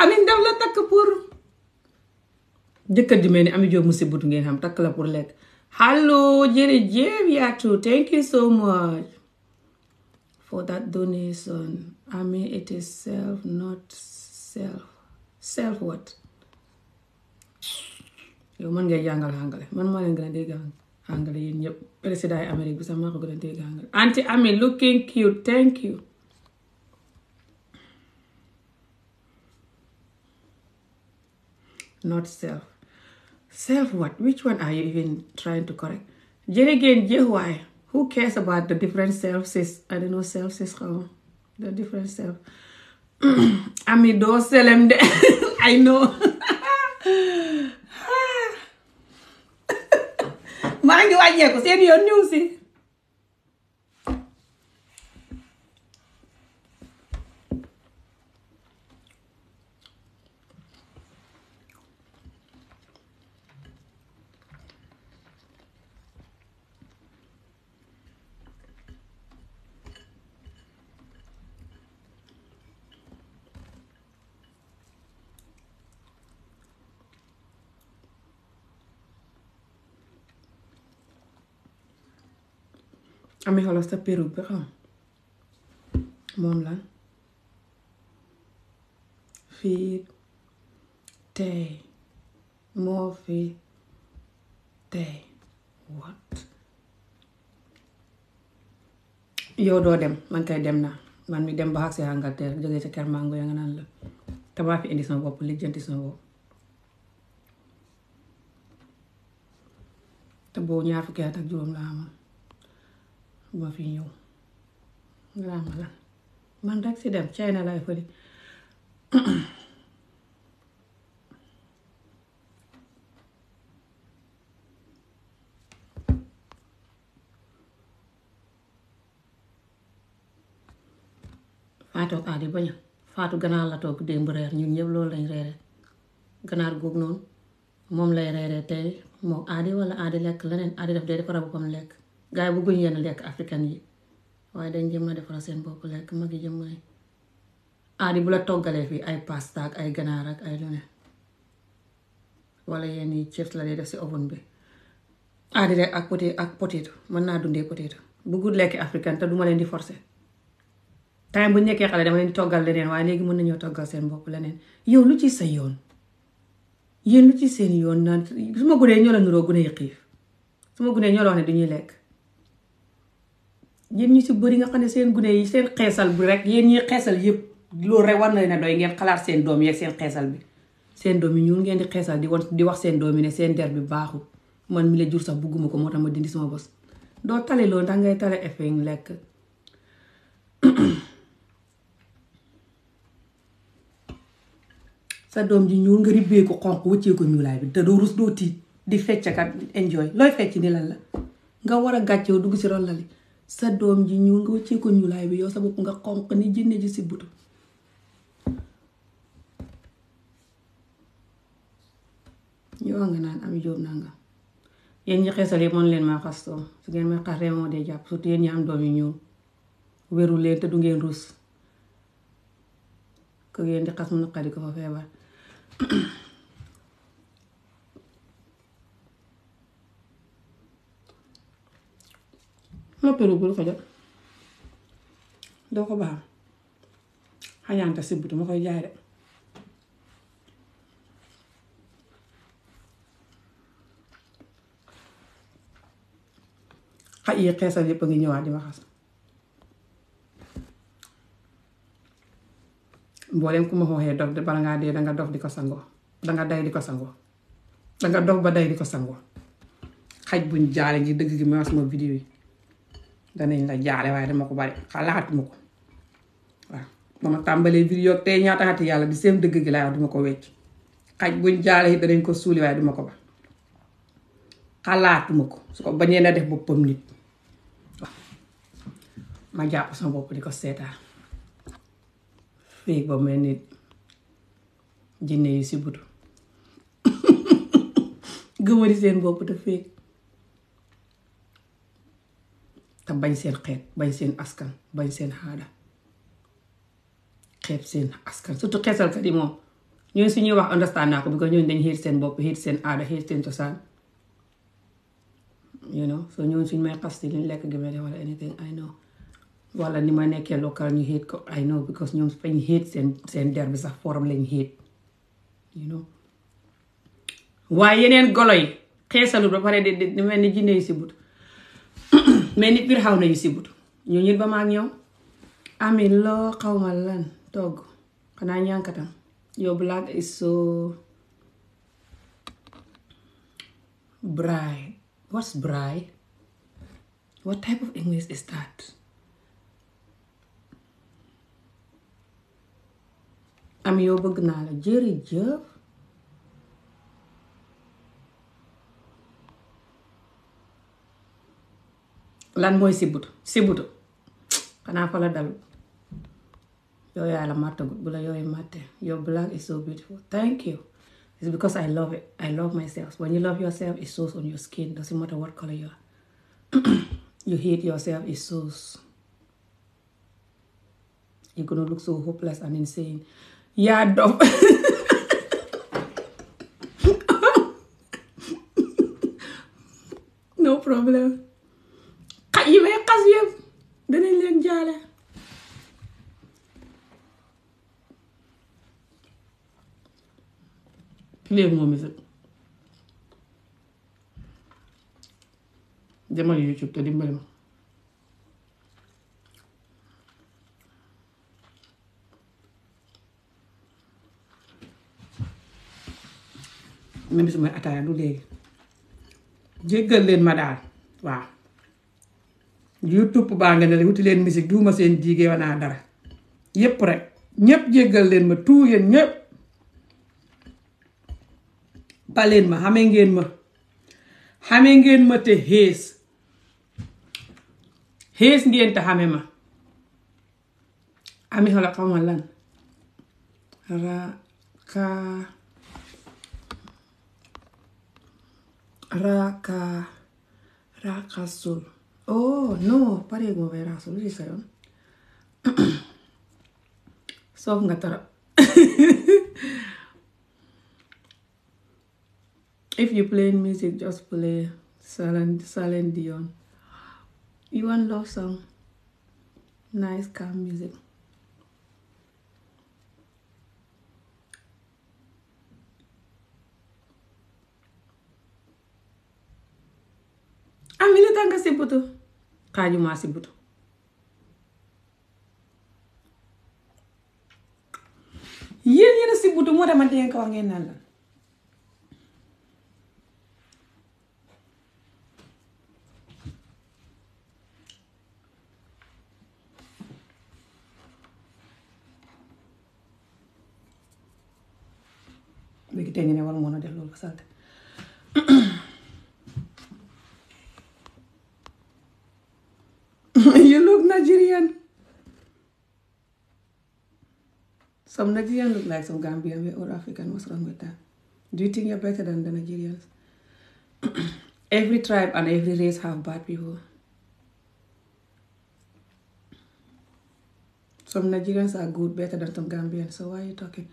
amin daf la takk pour jëkkër ji mel ni Ami Jóob mu sibutu ngeen am takk la pour lekk allo jërëjëf Yatou thank you so much for that donation I mean it is self not self self what yow man ngay jàngal àngale man maa leen a dégg àngale yéen ñëpp président yi Amérique bi sax maa ko gën a dégg àngale anti Ami looking cute thank you not self self what which one are you even trying to correct jërëgeen jëf who cares about the different selves I don't know selves xaw the different self ami doo selem de I know ah. maa ngi wàññeeku seen yoon ñëw si ami sa peru bi moom la fii tey moo fi tey what yow doo dem man kay dem na man mi dem ba àgg si Angleterre jógee ca Kermango ya nga naan la te maa fi indi sama bopp lijjanti sama bopp te boo ñaar fukki at ak juróom laa amoon boo fi ñëw nga ma lan man rek si dem China laay fële faatoog aadi baña faatu ganaar la toog démb reer ñun ñëpp loolu lañ reere ganaar góog noonu moom lay reere tey moo aadi walla aadi lekk leneen aadi daf dee defarabu ko mu lekk gaa yi bëgguñ yenn lekk africain yi waaye dañ jëmma a seen bopp lekk magi jëm mooy aadi bu la toggalee fii ay pasta ak ay ganaar ak ay lu ne wala yenn yi la dee def si oven bi aadi rek ak poté ak potéto mën naa dundee potéto bëggul lekk africain te duma leen di forcer time bu nekkee xale dama leen di toggal leneen waaye léegi mën nañoo toggal seen bopp leneen yow lu ci sa yoon yéen lu ci seen yoon naan su ma gunee ñoo la nuroo xiif suma ma gunee ñoo la ñuy lekk yéen ñi si bëri nga xam ne seen gune yi seen xeesal bi rek yéen ñi xeesal yëpp loolu rek war na ne dooy ngeen xalaat seen doom yeeg seen xeesal bi seen doom yi ñuul ngeen di xeesal di wan di wax seen doom yi ne seen der bi baaxul man mi la jur sax bugguma ko moo tax ma dindi sama doo tale loolu ndax ngay tale effet ñu lekk sa doom ji ñuul nga ribbee ko xonq wëccee ko ñuulaay bi te doo rus doo tiit di feccakat enjoy looy fecc ni lan la nga war a gàccee dugg si ron lali sa doom ji ñu nga wëccee ko ñuulaay bi yow sa bopp nga xonq ni jinne ji si butu ñoo nga naan Ami Jóob nanga yéen ñi xeesal yëpp mën leen maa xastoo su ngeen may xas rek moo dee jàpp surtout yéen ñi am doom yu ñuul wéru leen te du ngeen rus ko ngeen di xas mu naqari ko fa feebar noppalu bul ko jot doo ko baax xañaanta si butu ma koy jaay de xaj yi xeesal yépp a ngi ñëwaat di ma xas mbooleem ku ma xooxee dof de bala ngaa dee danga dof di ko sangoo danga day di ko sangoo danga dof ba day di ko sangoo xaj buñ jaale ji dëgg gi ma wax sama vidéo yi danañ la jaale waaye dama ko bari xalaatuma ko waaw ba ma tàmbalee vidéo tey ñaata xati yàlla di seen dëgg gi laay wax duma ko wecc xaj buñ jaale yi danañ ko suuli waaye duma ko ba xalaatuma ko su ko bañee na def boppam nit ma jàpp sama bopp di ko seetaan fii ba mel nit jinne yi si butu gëmari seen bopp te féeg te bañ seen xeet bañ seen askan bañ seen xaada xeeb seen askan surtout xeesalkat yi moom ñooñu suñuy wax understand naa ko parce que ñooñu dañ xiir seen bopp xiir seen aada xiir seen cosaan you know so ñooñu suñ may xas si liñ lekk gi may def wala anything I know wala ni ma nekkee local ñu xiit ko I know because ñoom fañ xiit seen seen der bi sax forum lañ xiit you know waaye yeneen golo yi xeesalut ba pare di di mel ni jinne yi si but mais nit biir xaw nañu si but ñu ñun ba ma ak ñoom ami loo xaw ma lan togg xanaa ñànkatam yow black is so bright what's bright what type of english is that am yow bëgg naa la jërëjëf lan mooy sibutu sibutu xanaa fa la dal yow yaa la màttagut bu la yooyu màttee your black is so beautiful thank you it's because I love it I love myself when you love yourself it shows on your skin doesn't matter what color you are you hate yourself it shows you're gonna look so hopeless and insane yaa dof no problem oustaz yëpp danañ leen jaale léegi moom it demal YouTube te dimbali ma même may ataaya du léegi jéggal leen ma daal waaw youtube baa nga ne la wuti leen musique duuma seen jigéen wanaa dara yépp rek ñépp jéggal leen ma tuu yéen ñépp baleen ma xamee ngeen ma xamee ngeen ma te xees xees ngeen te xame ma ami xala xama lan raka raka rakasul 어, oh, no, pareeguma bay raxasu lu ci sa yoon soof nga torop if you play music just play silent silent Dion you want love song nice calm music am ah, ile tànka si butu xaajuma si butu yéen yéen si butu moo dama dee def loolu ko salte Some Nigerians look like some Gambian, we're all African. What's wrong with that? Do you think better than the Nigerians? every tribe and every race have bad people. Some Nigerians are good, better than some Gambians. So why you talking?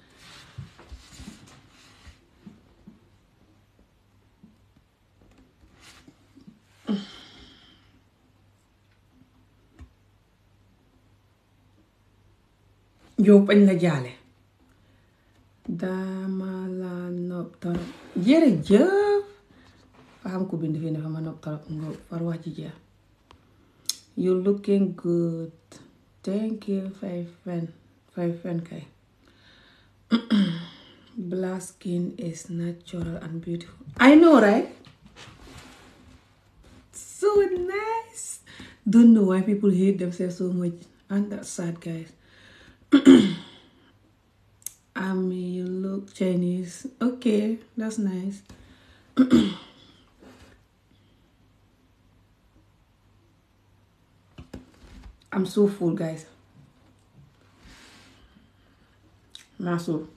yow bañ la jaale dama la nopp torop jërëjëf fa xam ko bind fii ne fa ma nopp torop nga far wax ci jeex you looking good thank fay fen fay fen kay is natural and beautiful I know right so nice don't know why people hate themselves so much and that's sad guys I mean, you look Chinese. Okay, that's nice. I'm so guys. My soul.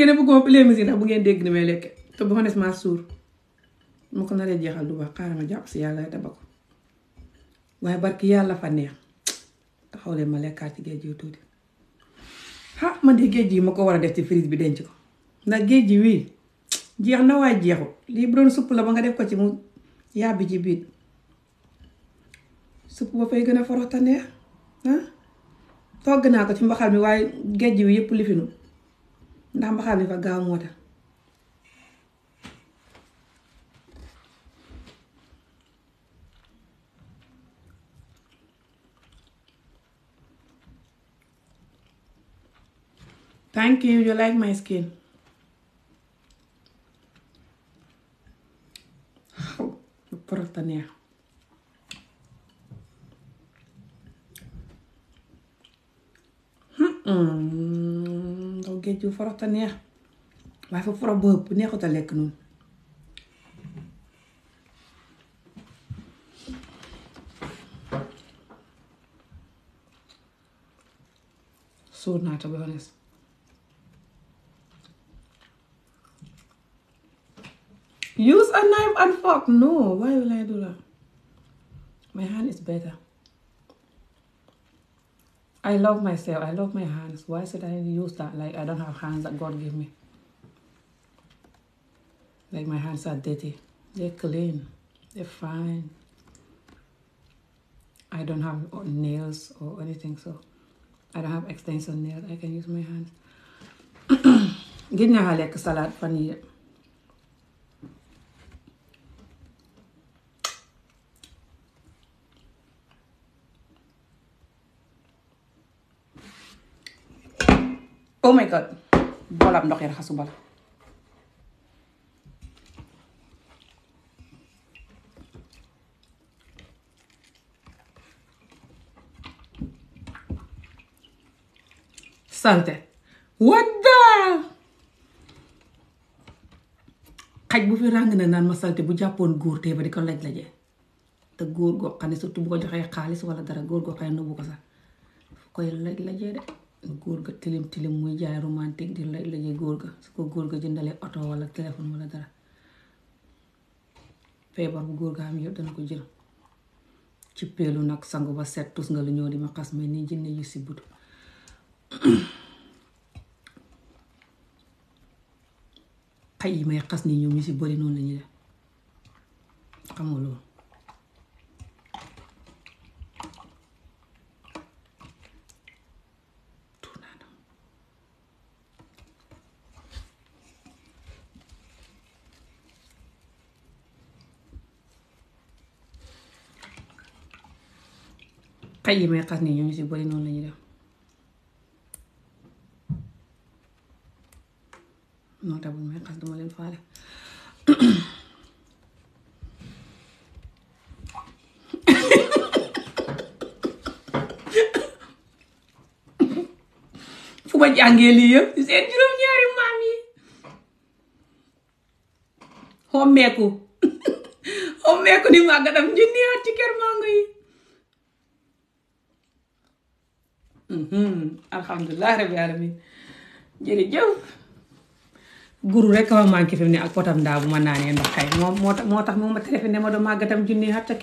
ngeen ne bëgguma léegi ndax bu ngeen dégg ni may lekke te bu ma des maa suur ma ko naree jeexal du baax xaaral ma jàpp si yàlla daba ko waaye barki yàlla fa neex taxaw leen ma lekkaat ci géej gi tuuti ah géej gi ma ko war a def ci fridge bi denc ko ndax géej gi wii jeex na waaye jeexut lii bu doon supp la ba nga def ko ci mu yàbbi ci biit supp ba fay gën a forox te neex togg naa ko ci mbaxal mi waaye géej wi yëpp lifinu ndax mbaxal bi fa gaaw moo tax thank you you like my skin porof ta ndaw géej ju foroxta neex waaye fa forox bu ëpp lekk noonu suur naa to be use a knife and fork no why will I do that my hand is better I love myself. I love my hands. Why should I use that? Like, I don't have hands that God gave me. Like, my hands are dirty. They're clean. They're fine. I don't have nails or anything, so I don't have extension nails. I can use my hands. Gis naa lekk salade fan yii oh my god boolaam salte wadda xaj bu fi ràng na naan ma salte bu jàppoon góor tey ba di ko laj laje te góor goo xam ne surtout bu ko joxee xaalis wala dara góor goo xam ne ko sax koy laj laje de góor ga tilim tilim muy jaay romantique di lay góor ga su ko góor ga jëndalee oto wala téléphone wala dara feebar bu góor ga am yëpp dana ko jël ci peelu nag sangu ba set tus nga lu ñëw di ma xas mais ni jinne yu si butu xay yi may xas ni ñoom ñu si bëri noonu la ñuy xamoo loolu xëy yi may xas nii ñoo ñu si bëri noonu lañuy def noonu tax bu may xas duma leen faale fu ma jàngee lii yëpp seen juróom-ñaari maam yi xommeeku xommeeku ni màggatam junni at ci kër alhamdulilah rabbi alamin jërëjëf guru rek ma manqué fi mu ne ak potam ndaa bu ma naanee moo tax moo tax moom ma téléphone ne ma doo màggatam junni xat ca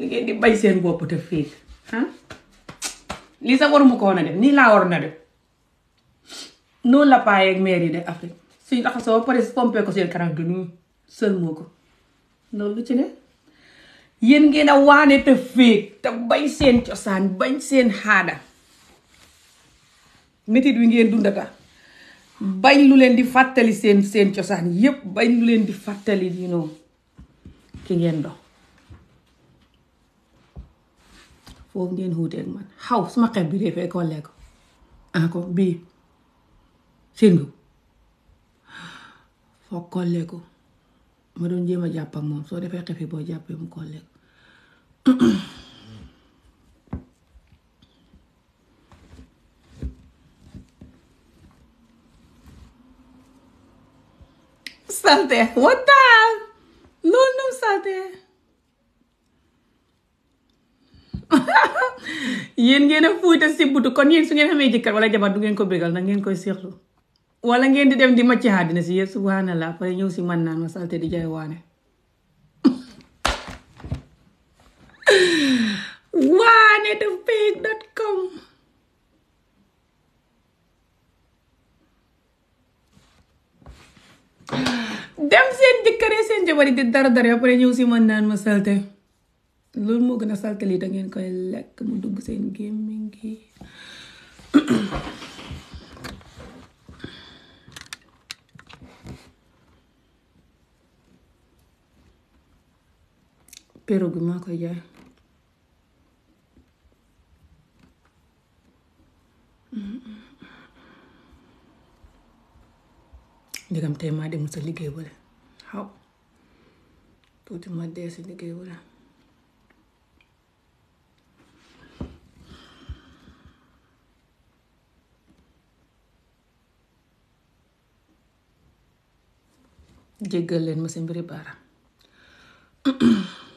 li ngeen di bay seen bopp te féeg ah lii sax waruma a def nii laa war a def noonu la paayeeg maire yi de Afrique suñu taxasoo ba pare pompé ko seen kanam gi nii ko loolu ci ne yéen ngeen a waane te féeg te bañ seen cosaan bañ seen xaada métit wi ngeen dundaka bañ lu leen di fàttali seen seen cosaan yépp bañ lu leen di fàttali you ki ngeen dox foofu ngeen xuuteeg man xaw suma xeb bi dee fekk wàllee ko encore ah, bii seen gu foog kolleeku ma doon jéem a jàpp ak moom soo defee xefi boo jàppee mu kolleeku sal de waxtaan loolu nu sal de yéen ngeen a fuuta si butu kon yéen su ngeen xamee jëkkër wala jabar du ngeen ko bégal na ngeen koy seexlu wala ngeen di dem di macc àddina si yéen subhanallah pare ñëw si man naan ma salte di jaay waane wanetofake.com dem seen jëkkër seen jabar di dara dara après ñëw si man naan ma salte loolu moo gën a salte lii da ngeen koy lekk mu dugg seen gémmiñ gi perruque bi maa koy jaay ndegam tey maa dem sa liggéey ba de xaw tuuti ma dee si liggéey ba de jéggal leen ma si mbiri baara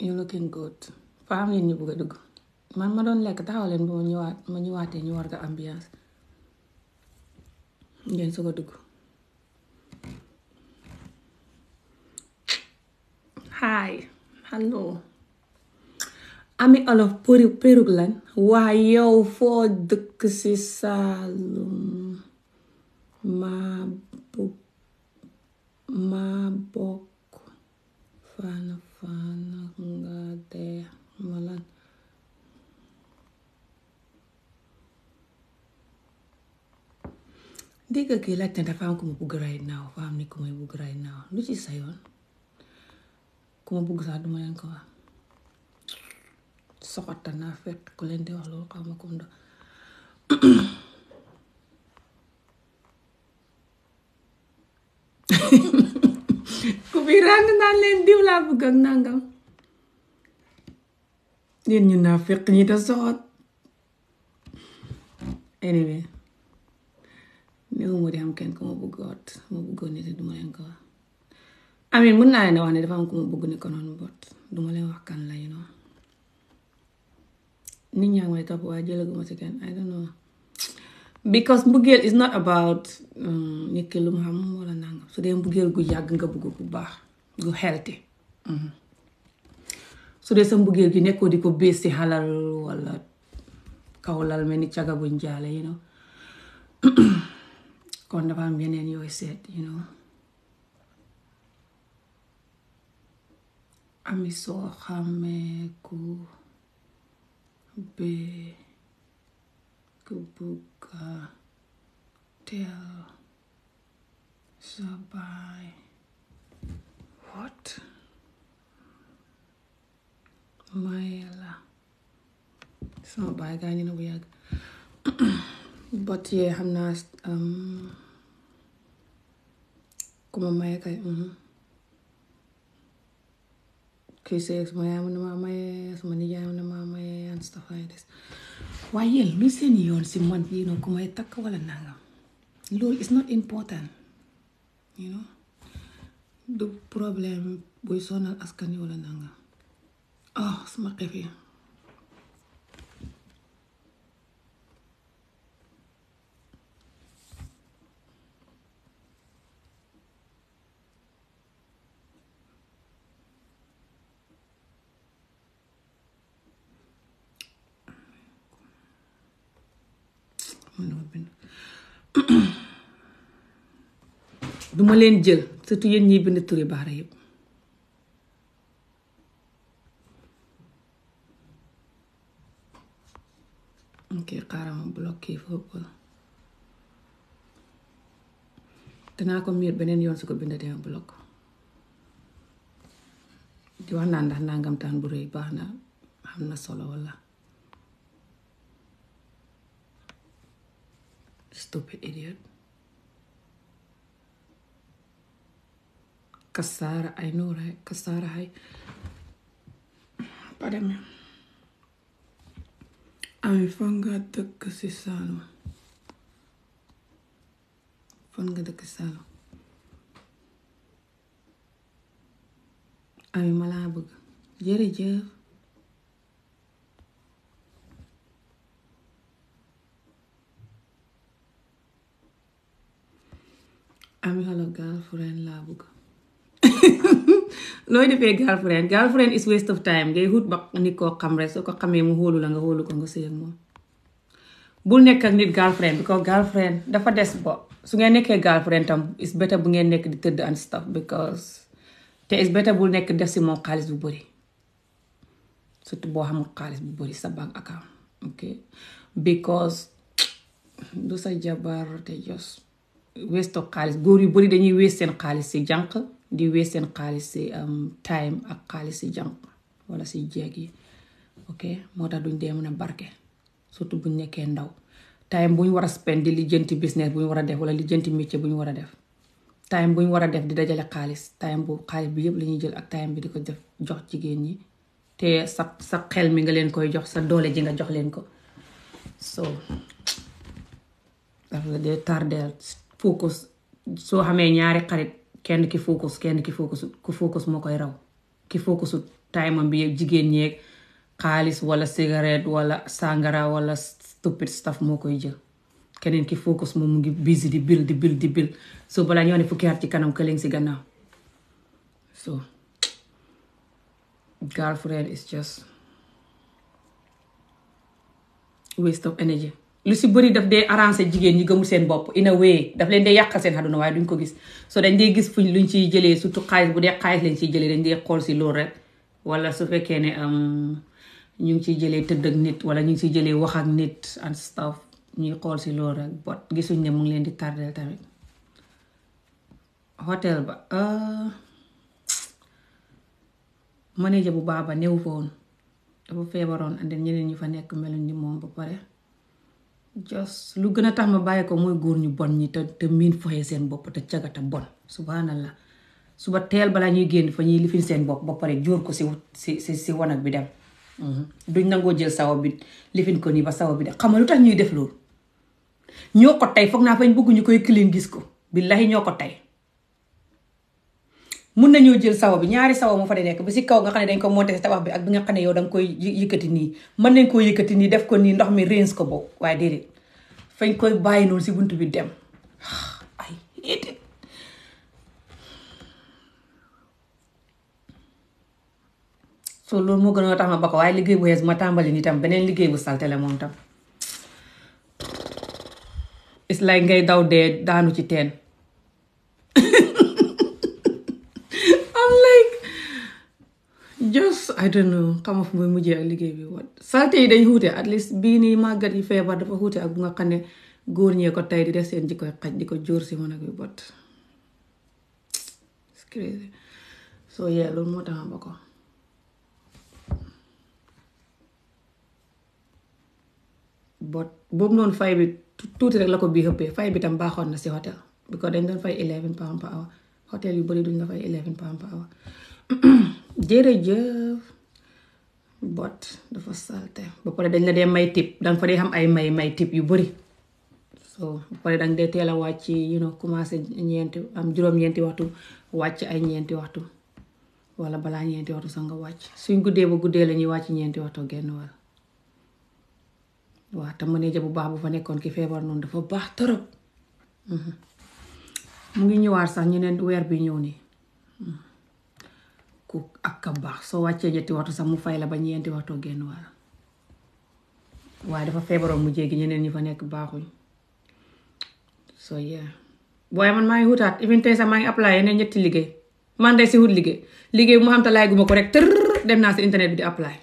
you looking good fa am leen ñu bëgg a dugg man ma doon lekk taxaw leen ba ma ñëwaat ma ñu war ko ambiance ngeen su ko dugg hi hello ami olof perug lan waa yow foo dëkk ci Saalum maa bokk maa bokk faana fana nga dee malan dégg kii laajte dafa am ku ma bugg right now fa ni ku may bugg right now lu ci sa yoon ku ma bugg sax duma leen soxota naa fekk ku leen di wax ma kum do bi ràng leen diw laa bëgg ak nangam yéen ñu naa fekk ñi da soxot anyway néew moo di am kenn ku ma bëggoot ma bëggoon nit duma leen ko wax amin mun naa leen wax ne dafa ku ma bëgg ni ko noonu bot duma leen wax kan la you know nit ñaa ngi may topp waaye jëlaguma si I don't know because mbëggeel is not about uh, nit lu mu xam wala nangam su dee mbëggeel gu yàgg nga bëgg gu baax gu healthy mm-hmm. su dee sa mbëggeel gi nekkoo di ko bees si xalal wala kawlal mel ni cagabuñ buñ jaale you know kon dafa am yeneen yooyu seet ami soo xamee ku bee bëgg teel sa baay wat maye la sama baay gaañu na bu yàgg but yee xam naa um, ku ma maye kay mhm. kii sëy ak sama yaay mu ne maa mayee sama nijaay mu ne maa mayee waaye lu seen yoon si man you know ku may takk wala nangam loolu is not important you know du problème buy sonal askan wi wala nangam oh ah, sama xef yi mun na ko bind du leen jël surtout yéen ñiy bind turi baara yëpp ok xaaral ma bloqué foofu danaa ko miir beneen yoon su ko bind ma bloqué di wax naa ndax nangam taan bu rëy baax na am na solo walla Stupid idiot. Cassara, I know, right? Cassara, I. Pardon me. Ami dëkk ci Saalum fan nga dëkk Saalum ami ma laa bëgg jërëjëf am hello girlfriend laa bëgg looy defee girlfriend girlfriend is waste of time ngay hut ba nit koo xam rek soo ko xamee mu hóolu la nga hóolu ko nga sëy ak moom bul nekk ak nit girlfriend because girlfriend dafa des bo su ngeen nekkee girlfriend tam is better bu ngeen nekk di tëdd and stuff because te is better bul nekk def si moom xaalis bu bëri surtout boo xamul xaalis bu bëri sa bank account ok because du sa jabar te jos westo xaalis góor yu bari dañuy wees seen xaalis si jànq di wees seen xaalis si um, time ak xaalis si jànq wala si jeeg yi ok moo tax duñ dee mën barke surtout buñ nekkee ndaw time buñ war a spend di lijjanti business buñ war a def wala lijjanti métier buñ war a def time buñ war a def di dajale xaalis time bu xaalis bi yëpp la ñuy jël ak time bi di ko def jox jigéen ñi te sa sa xel mi nga leen koy jox sa doole ji nga jox leen ko so daf la dee tardeel focus soo xamee ñaari xarit kenn ki focus kenn ki focusut ku focus moo koy raw ki focusut time am bi yëpp jigéen ñee xaalis walla cigarette wala sàngara wala stupid stuff moo koy jël keneen ki focus moom ngi busy di bil di bil di bill so balaa ñoo ne fukki at ci kanam këleñ si gannaaw so girlfriend is just waste of energy lu si bëri daf dee arrangé jigéen ñi gëmul seen bopp in a way daf leen dee yàqal seen àdduna waaye duñ ko gis so dañ dee gis fuñ ñu ciy jëlee surtout xaalis bu dee xaalis lañ ciy jëlee dañ dee xool si loolu rek wala su fekkee ne um, ñu ngi ciy jëlee tëdd ak nit wala ñu ngi ciy jëlee wax ak nit and stuff ñuy xool si loolu rek bot gisuñ ne mu ngi leen di tardel tamit hôtel ba uh, manager bu baax ba néew fa woon dafa feebaroon and ñeneen ñi fa nekk meluñ ni moom ba pare jos lu gën a tax ma bàyyi ko mooy góor ñu bon ñi te te miin foyee seen bopp te cagata bon subhanallah suba teel balaa ñuy génn fa ñuy lifin seen bopp ba pare jóor ko si si si wanag bi dem mhm. duñ nangoo jël sawa bi lifin ko nii ba sawa bi dem xam nga lu tax ñuy def loolu ñoo ko tey foog naa fañ bëgg ñu koy clean gis ko bi billahi ñoo ko tey mun nañoo jël sawa bi ñaari sawa moo fa de nekk bi si kaw nga xam ne dañ ko monté si tabax bi ak bi nga xam ne yow danga koy yëkkati nii mën nañ koo yëkkati nii def ko nii ndox mi rinse ko boobu waaye déedéet fañ koy bàyyi noonu si bunt bi dem ay it so loolu moo gën a tax ma ba ko waaye liggéey bu xees ma tàmbali nii tam beneen liggéey bu salte la moom tam is like ngay daw dee daanu ci teen just I don't know xam fu muy mujjee ak liggéey bi wat salte yi dañ xuute at least bii nii màggat yi feebar dafa xuute ak bu nga xam ne góor ñee ko tay di def seen jikkoy xaj di ko jóor si man ak yu bot it's crazy so yeah boobu noonu fay bi tuuti rek la ko bii xëppee fay bi tam baaxoon na si hôtel because dañ doon fay eleven pound per hour hôtel yu bari duñ la fay eleven pound per hour jëf boot dafa salte ba pare dañ la dee may tip danga fa dee xam ay may may tip yu bari so ba pare danga dee teel a wàcc you know commencé ñeenti am juróom-ñeenti waxtu wàcc ay ñeenti waxtu wala balaa ñeenti waxtu sax nga wàcc suñ guddee ba guddee la ñuy wàcc ñeenti waxtu genn wàll waaw te mëneja bu baax bu fa nekkoon ki feebar noonu dafa baax torop mhm. mu ngi ñëwaat sax ñu ne weer bi ñëw nii ku ak ka baax soo wàccee ñetti waxtu sax mu fay la ba ñeenti waxtu génn waa waaye dafa feebaroon mu jéegi ñeneen ñi fa nekk baaxuñ soo yeah booy man maa ngi wutaat even tey maa ngi apply yeneen ñetti liggéey man de si wut bu ma xam te laay dem naa si internet bi di apply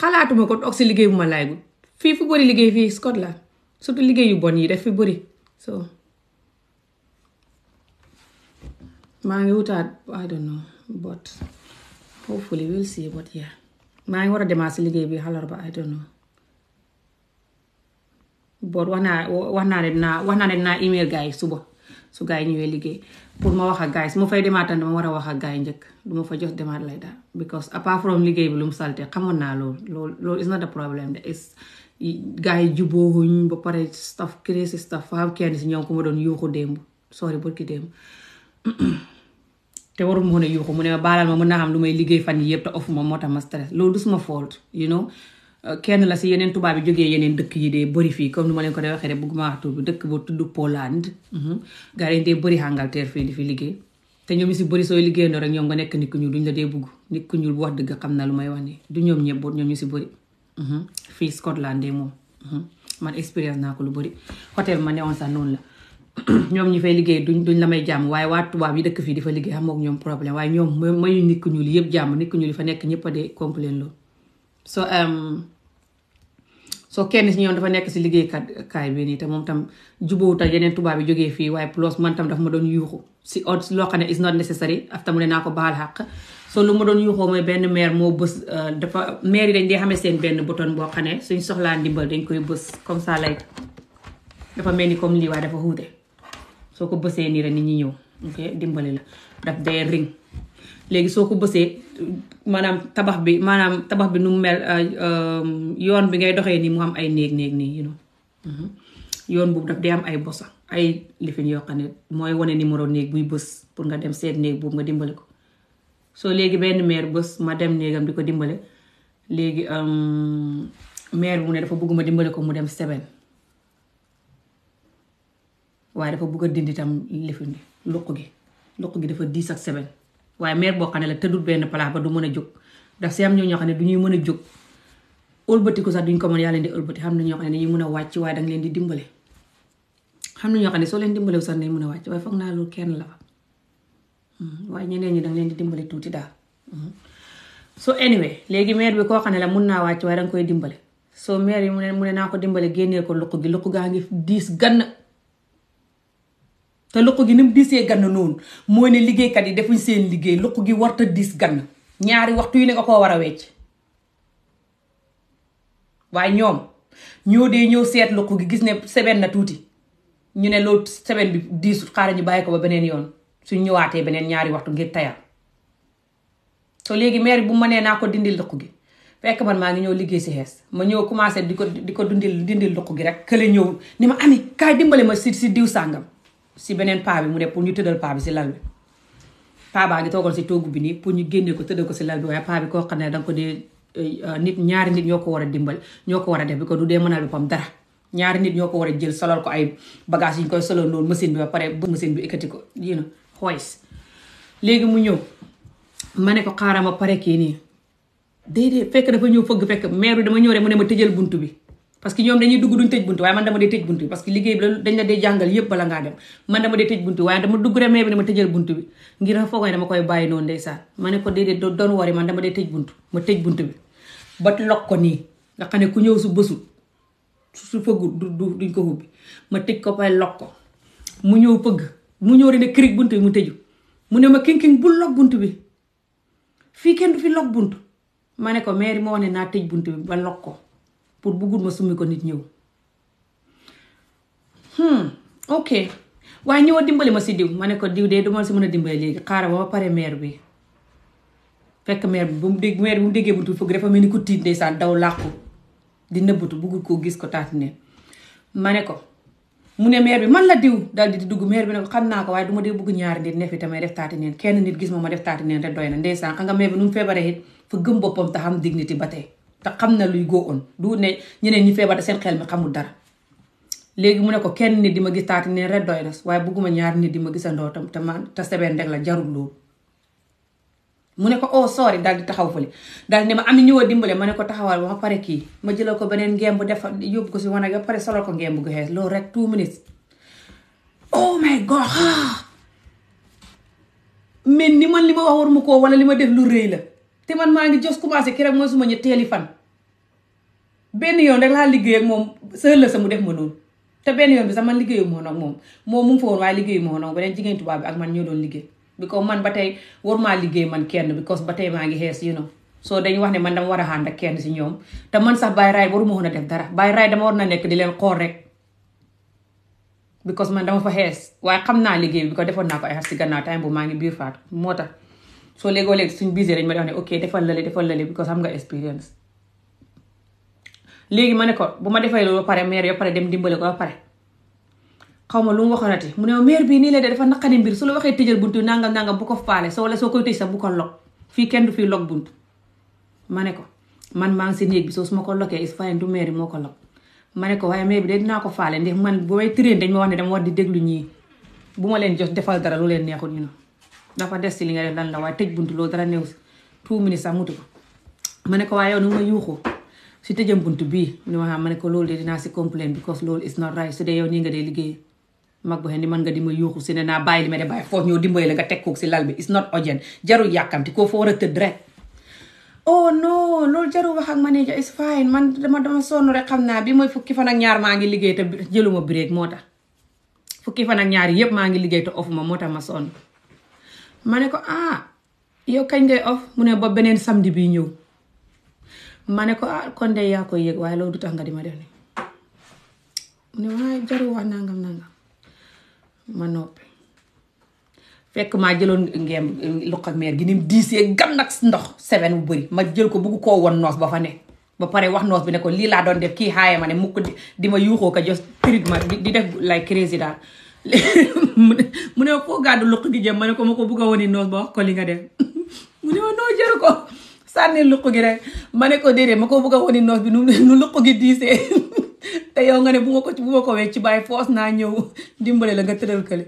xalaatuma ko toog liggéey bu ma fii fu bëri liggéey fii Scotland surtout liggéey yu bon yi def fi maa ngi wutaat I don't but hopefully we'll see but yeah maa ngi war a demaat si liggéey bi àllarba I don't know but wax naa wax naa ne dinaa wax naa ne dinaa email gars yi suba su gars yi ñëwee liggéey pour ma wax ak gars yi su ma fay demaataan dama war wax ak njëkk du ma fa jox demaat lay daal because apart from liggéey bi lu mu salte xamoon naa loolu loolu loolu is not a problem de is gars yi jubóowuñ ba pare stuff crazy stuff fa am kenn si ñoom ku ma doon yuuxu démb sorry burki démb te warul moo ne yuuxu mu ne ma baalal ma mën naa xam lu may liggéey fan yi yëpp te ofuma moo tax ma stress loolu du suma fault you know euh, kenn la si yeneen tubaab yi jógee yeneen dëkk yi dee bëri fii comme ni ma leen ko dee waxee rek bëgguma wax tur bi dëkk boo tudd Poland mhm. gars yi bëri Angleterre fii di fi liggéey te ñoom ñu si bëri sooy liggéeyandoo rek ñoom nga nekk nit ku ñuul duñ la dee bugg nit ku ñuul bu wax dëgg xam na lu may wax ni du ñoom ñëpp ñoom ñu si bëri mhm. fii Scotland dee moom mhm. man expérience naa ko lu bëri hôtel ma newoon sax noonu la ñoom ñi fay liggéey duñ duñ la may jàmm waaye waa tubaab yi dëkk fii di fa liggéey amoo ak ñoom problème waaye ñoom mayu nit ku ñuul yëpp jàmm nit ku ñuul fa nekk ñëpp a dee complain loolu soo um, soo kenn si ñoom dafa nekk si liggéeykat kaay bi nii te moom tam jubóowut ak yeneen tubaab yi jógee fii waaye plus man tam dafa ma doon yuuxu si od loo xam ne is not necessary after mu ne naa ko baal xàq so lu ma doon yuuxoo mooy benn maire moo bës uh, dafa maire yi dañ dee xamee seen benn bouton boo xam ne suñ soxlaa ndimbal dañ bës comme ça mel ni comme lii soo ko bësee nii rek ni ñi ñëw dimbali la daf day ring léegi soo ko bësee maanaam tabax bi maanaam tabax bi nu mu mel euh, yoon bi ngay doxee nii mu am ay néeg néeg nii you know mhm. yoon boobu daf day am ay bosa ay lifin yoo xam ne mooy wane numéro néeg buy bës pour nga dem seet néeg boobu nga dimbali ko soo léegi benn maire bës ma dem néegam di ko dimbali léegi euh, maire bu ne dafa bëgg dimbali ko mu dem seben waaye dafa bëgg a dindi tam lifin luq gi luq gi dafa diis ak semaine waaye meer boo xam ne la tëddut benn place ba du mën a jóg daf si am ñu ñoo xam ne du ñuy mën a jóg ëlbati ko sax duñ ko mën yàlla di ëlbati xam na ñoo xam ne dañuy mën a wàcc waaye danga leen di dimbale xam na ñoo xam ne soo leen dimbalewu sax dañ mën a wàcc waaye foog naa kenn la fa hmm, waaye ñeneen ñi danga leen di dimbale tuuti daal hmm. so anyway léegi meer bi koo xam ne la mun naa wàcc waaye danga koy dimbale soo meer yi mu ne mu ne naa ko dimbale génnee ko luq gi luq gaa ngi diis gann te luq gi ni mu diisee gann noonu mooy ne liggéeykat yi defuñ seen liggéey luq gi warta diis gann ñaari waxtu yu ne nga koo war a wecc waaye ñoom ñoo dee ñëw seet luq gi gis ne semaine na tuuti ñu ne loolu semaine bi diisul xaaral ñu bàyyi ko ba beneen yoon suñ ñëwaatee beneen ñaari waxtu ngir tayal so léegi maire bu ma nee naa ko dindil luq gi fekk man maa ngi ñëw liggéey si xees ma ñëw commencé di ko di ko dundil dindil luq gi rek kële ñëw ni ma ami kaay dimbale ma si si diw sàngam si beneen paa bi mu ne pour ñu tëddal paa bi si lal bi paa baa ngi toogal si toogu bi nii pour ñu génne ko tëddal ko si lal bi waaye paa bi koo xam ne danga ko dee euh, nit ñaari nit ñoo ko war a dimbal ñoo ko war a def bi ko du dee mën a mënal boppam dara ñaari nit ñoo ko war a jël solal ko ay bagage yi ñu koy solal noonu machine bi ba pare bu machine bi ekkati ko yéen a xoys léegi mu ñëw ma ne ko xaaral ma pare kii nii déedéet fekk dafa ñëw fëgg fekk maire bi dama ñëw rek mu ne ma tëjal buntu bi parce que ñoom dañuy dugg duñ tëj buntu waaye man dama dee tëj buntu bi parce que liggéey bi dañ la dee jàngal yëpp bala ngaa dem man dama dee tëj buntu bi waaye dama dugg rek mais bi dama tëjal buntu bi ngir foog ma ne ko déedéet doon dee tëj buntu bi ba lok ko nii nga xam ne ku ñëw su bësul su fëggu du duñ ko ma tëj ko pay lok ko mu ñëw fëgg mu ñëw rek ne kërig buntu bi mu tëju mu ne ma king-king bul lok bunt bi fii kenn du fi lok buntu ma ne ko maire moo ne naa tëj bunt bi ba lok ko pour buggul ma summi ko nit ñëw hmm ok waaye ñëw dimbali ma si diw ma ne ko diw de duma si mën a dimbali léegi xaaral ba pare maire bi fekk maire bi ba mu dégg maire bi mu déggee buntu fëgg dafa mel ni ku tiit ndeysaan daw làqu di nëbbatu buggul koo gis ko taatine ma ne ko mu ne maire bi man la diw daal di dugg maire bi ne ko xam naa ko waaye du ma dee bugg ñaari nit ne fi tamay def taati neen kenn nit gis ma ma def taati neen rek doy na ndeysaan xam nga feebaree it fa gëm boppam te ba tey te xam na luy go on du ne ñeneen ñi feebar te seen xel mi xamul dara léegi mu ne ko kenn nit di ma gis taati neen rek doy na waaye bëgguma ñaar nit di ma gisandoo te te man te sebeen rek la jarul loolu ne ko oh sorry taxaw fële daal ne ma am ñëwa dimbale ma ne ko taxawal ba pare kii ma jëlal ko beneen ngemb defa yóbbu ko si wanag ba pare solal ko ngemb gu loolu rek two minutes oh my god ah! ni man li ma wax war ma li ma def lu la te man maa ngi jos commencé ki rek mooy suma ñetteeli fan benn yoon rek laa liggéey ak moom sër la sa mu def ma loolu te benn yoon bi sax man liggéeyu moo moom moom mu ngi fa woon waaye liggéeyu moo nag beneen jigéen tubaab bi ak man ñoo doon liggéey bi ko man ba tey war maa liggéey man kenn because ba tey maa ngi xees you know soo dañuy wax ne man dama war a ànd kenn si ñoom te man sax bàyyi waruma woon a def dara bàyyi raay dama war na nekk di leen xool rek because man dama fa xees waaye xam naa liggéey bi ko defoon naa ko ay xar si gannaaw time bu maa ngi biir faatu moo tax soo léegoo léegi suñ busy dañ ma di wax ne ok defal lale defal lale because xam nga léegi ma ne ko bu ma defee loolu ba pare maire ba pare dem dimbale ko ba pare xaw ma lu mu wax waxoonati mu ne maire bii nii la de dafa naqari mbir su la waxee tëjal buntu nangam nangam bu ko faale soo wala soo koy tëj bu ko fii kenn du fii log buntu ma ne ko man maa si néeg bi soo su ko lokee is fine du maire moo ko log ma ne ko waaye maire bi de ko faale ndax man bu may tëree dañ ma wax ne dama war di déglu ñii bu ma leen jox defal dara lu leen neexul ñu dafa des si li nga def lan la waaye tëj buntu loolu dara néew si tout minutes sax mutu ko ma ne ko waaye yow nu ma yuuxoo si tëjëm bunt bii ni ma xam ma ne ko loolu de dinaa si complain because loolu is not right su dee yow nii nga dee liggéey mag bu xëy ni mën nga di ma yuuxu si ne naa bàyyi li ma de bàyyi foofu ñëw dimbali la nga teg koog si bi is not urgent jarul yàkkamti koo fa war a tëdd rek. oh loolu jarul wax ak manager is fine man dama dama sonn rek xam naa bi mooy fukki fan ak ñaar maa ngi liggéey te jëluma break moo tax fukki fan ak ñaar yëpp maa ngi liggéey te ofuma moo tax ma sonn ma ne ko ah yow kañ ngay off mu ne ba beneen samedi bi ñëw. ma ne ko ah kon de yaa koy yëg waaye loolu du tax nga di ma def ni mu ne waaye jarul wax nangam nangam ma noppi fekk maa jëloon ngeem luqa meer gi ni mu diisee gam nag ndox semaine bu bëri ma jël ko bugg koo won noos ba fa ne ba pare wax noos bi ne ko lii laa doon def kii xaaye ma ne mukk di ma yuuxoo ko jos di def lay crazy daal mu ne foo gàddu luq gi jëm ma ne ko ma ko bugg a woni noos ba wax ko li nga def mu ne ma noo jëru ko sànni luq gi rek ma ne ko déedéet ma ko bëgg a woni noos bi nu luq gi diisee te yow nga ne bu ko bu ma ko wecc bàyyi foos naa ñëw dimbale la nga tëral kële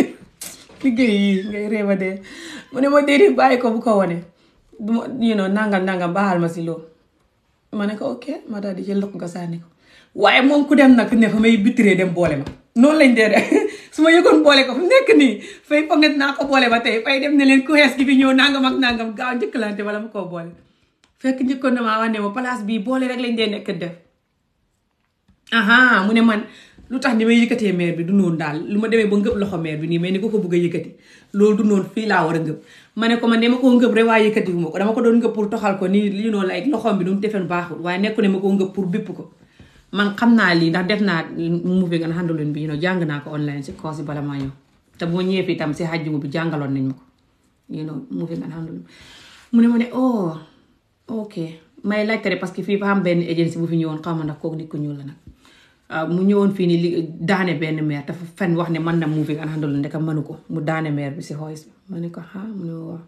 liggéey yi ngay réew a dee mu ne ma déedéet bàyyi ko bu ko wone bu ma you know nangam nangam baaxal ma si loolu ma ne ko ok ma daal di jël luq nga sànni ko waaye moom ku dem nag ne fa may bitiree dem boole ma noonu lañ dee su ma yëgoon boole ko fu nekk nii fay foog ne naa ko boole ba tey fay dem ne leen ku xees gi fi ñëw nangam ak nangam gaaw njëkkalante wala mu koo boole fekk njëkkoon na maa wax ne ma place bii boole rek lañ dee nekk def aha mu ne man lu tax ni may bi du noonu daal lu ma demee ba ngëb loxo maire bi nii mais ni ko ko bëgg a yëkkati loolu du noonu fii laa war a ma ne ko man de ma dama ko doon ngëb pour toxal ko nii li noonu ay loxoom bi nu mu defen baaxul waaye nekku ne ma koo ngëb pour bipp ko man xam naa lii ndax def naa moving and handling bi you know jàng naa ko online si course bala maa ñëw te bu ma ñëwee fii tam si xajjimu bi jàngaloon nañ ko you know moving and handling ma ne oh que fii fa am benn fi ñëwoon xaw ma ndax kooku nit ku ñuul la ah, mu ñëwoon fii nii li daane benn meer dafa fen wax ne mën na moving and handling ndeka mënu ko mu daane meer bi si xoolis bi ma ne ko ah mu ne waaw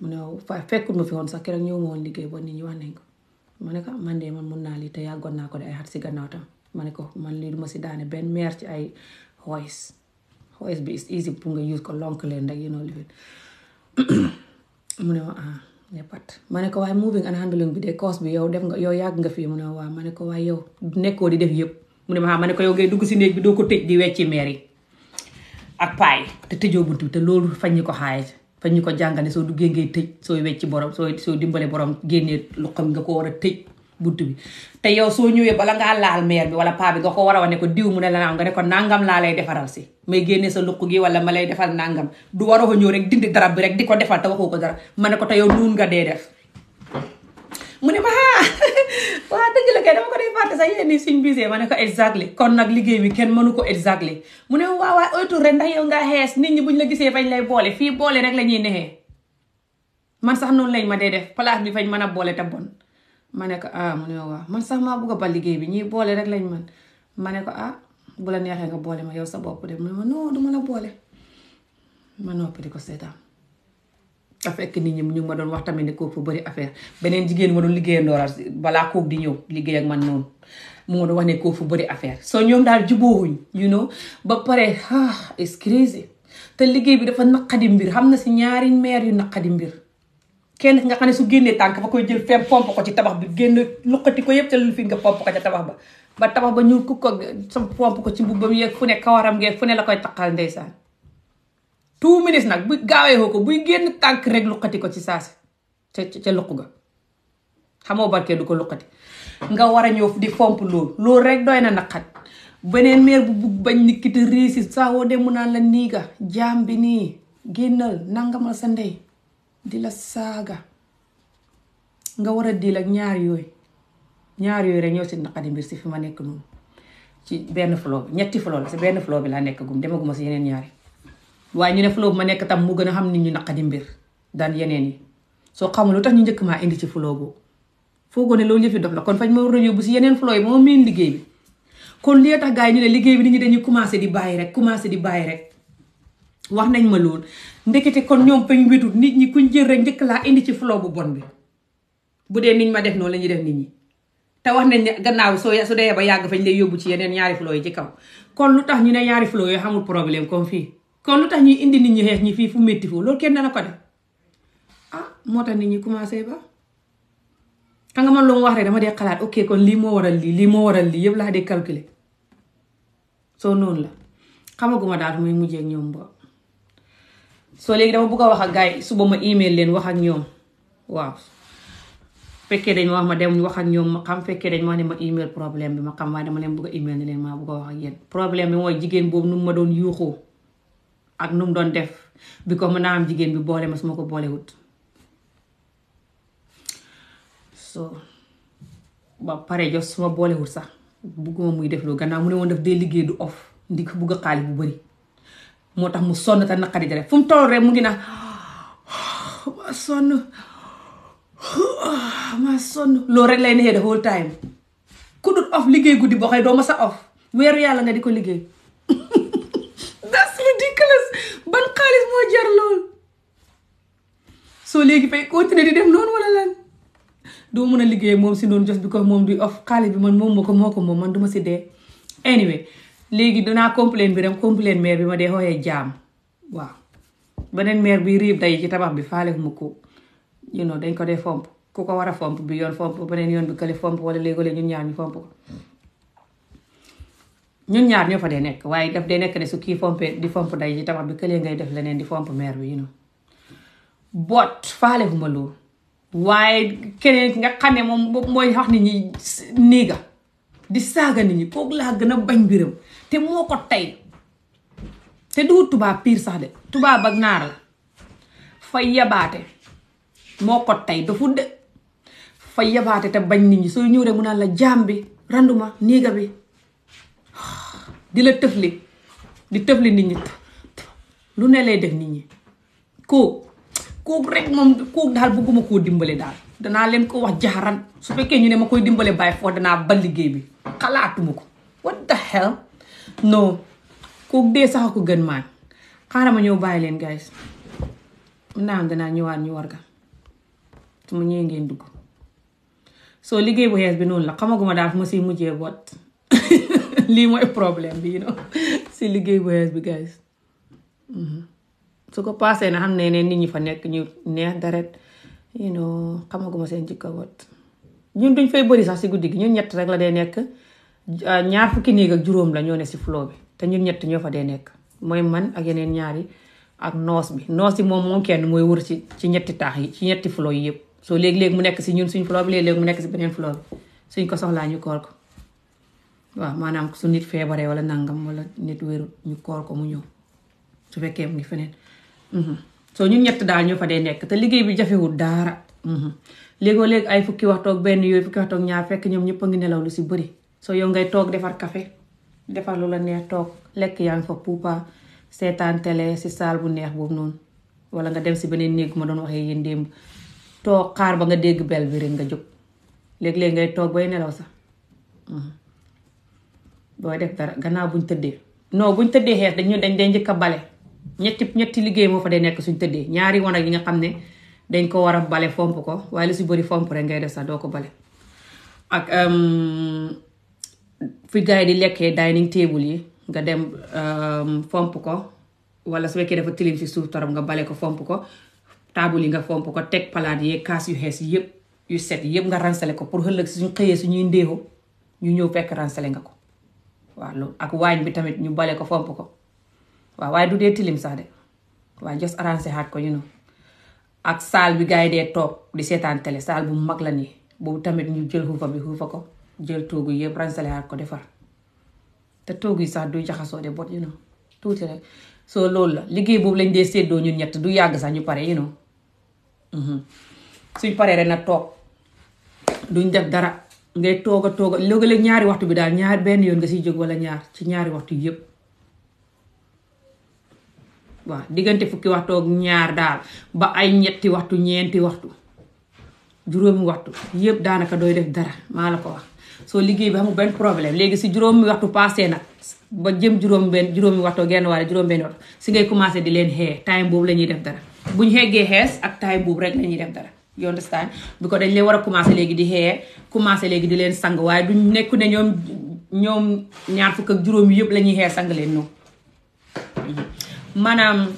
mu ne waaw fekkut ma fi woon sax keroog ñëw ma woon liggéey ba nit ñi wax nañ ko ma ne ko man de man mun naa lii te yàggoon naa ko de ay xat si gannaaw tam ma ne ko man lii du ma si daane benn meer ci ay voice voice bi is easy pour nga use ko lonk leen rek you mu ne ma ah ne pat ma ne ko waaye moving and handling bi de course yow def nga yow yàgg nga fii mu ne ma ne ko waaye yow nekkoo di def yëpp mu ne ma ah ma ne ko yow ngay dugg si néeg bi doo ko tëj di wecci meer yi ak paay te tëjoo bunt bi te loolu fañ ñu ko xaayee fa ñu ko jàngale soo duggee ngay tëj sooy wecci borom sooy soo dimbale borom génnee lu xam nga ko war a tëj bunt bi te yow soo ñëwee bala ngaa laal meer bi wala paa bi nga ko war a wane ko diw mu ne la nga ne ko nangam laa lay defaral si may génne sa luq gi wala ma lay defal nangam du waroo ñëw rek dindi dara bi rek di ko defal te waxoo ko dara ma ne ko te yow nuun nga dee def mu ne ma ah waa dëgg la kay dama ko dee fàtte sax yéen ni suñ bisee ma ne ko exactly kon nag liggéey bi kenn mënu ko exactly mu ne ma waa waa ndax yow nga xees nit ñi buñ la gisee fañ lay boole fii boole rek la ñuy nexee man sax noonu lañ ma dee def place bi fañ mën a boole te bon ma ne ko ah mu ne man sax maa bëgg ba liggéey bi ñuy boole rek lañ man ma ne ko ah bu la neexee nga boole ma yow sa bopp de mu ne ma non du ma la boole ma noppi di ko seetaan da fekk nit ñi ñu ngi ma doon wax tamit ne fu bëri affaire beneen jigéen ma doon liggéeya ndooral balaa kooku di ñëw liggéey ak man noonu mu ma doon wax ne kooku bëri affaire soo ñoom daal jubóowuñ you know ba pare ah it's crazy te liggéey bi dafa naqadi mbir xam na si ñaari meer yu naqadi mbir kenn ki nga xam ne su génnee tànk fa koy jël fem pomp ko ci tabax bi génn luqati ko yëpp ca lu fi nga pomp ko ca tabax ba ba tabax ba ñuul ku ko pomp ko ci mbubbam yeeg fu ne kawaram geeg fu ne la koy taqal ndeysaan tout ministre nag bu gaawee ko buy génn tànk rek luqati ko ci saasi ca ca luq ga xamoo barke du ko luqati nga war a ñëw di fomp loolu loolu rek doy na naqat beneen maire bu bugg bañ ni ki te réussite saa woo dem mu naan la niiga jaam bi nii génnal nangamal sa ndey di la saaga nga war a diil ak ñaar yooyu ñaar yooyu rek ñëw si naqadi mbir si fi ma nekk noonu ci benn flow ñetti flow la si benn flow bi laa nekk gum demaguma si yeneen ñaari waaye ñu ne flow bu ma nekk tam mu gën a xam nit ñu di mbir daan yeneen yi soo xamul lu tax ñu njëkk maa indi ci flow boobu foogoo ne loolu yëfi dof la kon fañ ma waroon yóbbu si yeneen flow yi moo meen liggéey kon li tax gars yi ñu liggéey bi nit ñi commencé di bàyyi rek commencé di bàyyi rek wax nañ ma loolu ndekete kon ñoom fañ wetut nit ñi kuñ jël rek njëkk laa indi ci flow bon bi bu dee niñ ma def noonu la ñuy def nit ñi te wax nañ gannaaw soo su dee ba yàgg fañ lay yóbbu ci yeneen ñaari flow yi ci kaw kon lu tax ñu ne ñaari flow yi xamul problème comme fii kon lu tax ñuy indi nit ñi xeex ñi fii fu métti foofu loolu kenn dana ko def ah moo tax nit ñi commencé ba xam nga man lu mu wax rek dama dee xalaat ok kon lii moo waral lii lii moo waral lii yëpp laa dee calculer soo noonu la xamaguma daal muy mujjee ak ñoom ba soo léegi dama bëgg a wax ak gars yi suba ma email leen wax ak ñoom waaw fekkee dañ ma wax ma dem wax ak ñoom ma xam fekkee dañ ma wax ne ma email problème bi ma xam waaye dama leen bëgg a email ne leen a wax ak yéen mooy jigéen boobu nu ma doon yuuxoo ak nu mu doon def bi ko mën naa am jigéen bi boole ma suma ko boolewut so ba pare jox su ma boolewut sax bugguma muy def loolu gannaaw mu ne woon def dee liggéey du off ndi ko bugg xaalis bu bëri moo tax mu sonn te naqari rek fu mu toll rek mu ngi naan ah, ma sonn ah, ma sonn loolu rek lay neexee the whole time ku dul off liggéey guddi boo xëy doo ma sa off weeru yàlla nga di ko liggéey moo jar lool soo léegi fay def noonu doo mën a liggéey moom si noonu bi ko moom di off xaalis bi man moom moo ko moo ko moom man si dee anyway danaa complain bi rek complain maire bi ma dee jaam waaw beneen meer bi riib day ci tabax bi faale mu ko you know dañ ko dee fomp ku ko war a fomp bi yoon fomp beneen yoon bi kële fomp wala léegoo leen ñun ñaar fomp ñun ñaar ñoo fa dee nekk waaye daf dee nekk ne su kii fompee di fomp day ji tabax bi këlee ngay def leneen di fomp meer bi you know boot faale fu ma loolu waaye keneen nga xam ne moom mooy wax nit ñi niiga di saaga nit ñi kooku laa gën a bañ biram te moo ko tay te du tubaab piir sax de tubaab ak naar fa yabaate moo tey dafu de fa yabaate te bañ nit ñi soo ñëw rek mu naan la jaam bi randuma niiga bi di la tëfli di tëfli nit ñi lu ne lay def nit ñi kooku kooku rek moom kooku daal bëgguma koo dimbale daal danaa leen ko wax jaxaran su fekkee ñu ne ma koy dimbale bàyyi foofu danaa ba liggéey bi xalaatuma ko what the hell non kooku dee sax ko gën maan xaaral ma ñëw bàyyi leen guys mun naa am danaa ñëwaat ñu warga su ma ñëwee ngeen dugg soo liggéey bu xees bi noonu la xamaguma daal fu ma siy mujjee boot lii mooy problème bi you know si liggéey voyage bi guys mhm. su ko paasee na xam ne ne nit ñi fa nekk ñu neex daret you know xamaguma seen jikko wat ñun duñ fay bëri sax si guddi gi ñun ñett rek la dee nekk ñaar fukki néeg ak juróom la ñoo ne si flow bi te ñun ñett ñoo fa dee nekk mooy man ak yeneen ñaari ak noos bi noos bi moom moom kenn mooy wër ci ci ñetti taax yi ci ñetti flow yi yëpp soo léegi-léegi mu nekk si ñun suñ flow bi léegi-léegi mu nekk si beneen flow bi suñ ko soxlaa ñu koor waaw maanaam su nit feebaree wala nangam wala nit wérul ñu koor ko mu ñëw su fekkee mu ngi feneen mhm. soo ñu ñett daal ñoo fa dee nekk te liggéey bi jafewul daara mhm. léegoo léeg ay fukki waxtoog benn yooyu fukki waxtoog ñaar fekk ñoom ñëpp ngi nelaw lu si bëri soo yow ngay toog defar kafe defar lu la neex toog lekk yaa ngi fa puupa seetaan télé si saal bu neex boobu noonu wala nga dem si beneen néeg ma doon waxee yéen démb toog xaar ba nga dégg bel bi nga jóg léeg-léeg ngay toog bay nelaw sax mhm. dooy def dara gannaaw buñ tëddee non buñ tëddee xees dañu dañ day njëkk a bale ñetti ñetti liggéey moo fa dee nekk suñ tëddee ñaari wanag yi nga xam ne dañ ko war a bale fomp ko waaye si bëri fomp rek ngay def sax ko bale ak euh, yi di lekkee dining table yi nga dem euh, fomp ko wala su fekkee dafa tilim si suuf torop nga bale ko fomp ko taabul yi nga fomp ko teg palaat yee kaas yu xees yëpp yu set yëpp nga ransale ko pour ëllëg suñ xëyee suñuy ndéexu ñu ñëw fekk ransale nga ko waaw loolu ak waañ bi tamit ñu bale ko fomp ko waaw waaye du dee tilim sax de waaye jos arrangé xaat ko ñu noonu ak saal bi gars yi dee toog di seetaan télé saal bu mag la nii boobu tamit ñu jël xuufa bi xuufa ko jël toogu yëpp ransale xaat ko defar te toogu yi sax du jaxasoo de bot ñu noonu tuuti rek soo loolu la liggéey boobu lañ dee séddoo ñun ñett du yàgg sax ñu pare you know mhm. suñ paree rek na toog duñ def dara ngay toog a toog a léeg ñaari waxtu bi daal ñaar benn yoon nga siy jóg wala ñaar ci ñaari waxtu yëpp waaw diggante fukki waxtu ñaar daal ba ay ñetti waxtu ñeenti waxtu juróomi waxtu yëpp daanaka dooy def dara maa la ko wax soo liggéey bi amul benn problème léegi si juróomi waxtu passé nag ba jëm juróom benn juróomi waxtu genn wala juróom benn waxtu si ngay commencé di leen xee time boobu la ñuy def dara buñ xeggee xees ak time boobu rek la ñuy def dara you understand bi ko dañ leen war a commencé léegi di xee commencé léegi di leen sang waaye du nekku ne ñoom ñoom ñaar fukk ak juróom yëpp la ñuy xee sang maanaam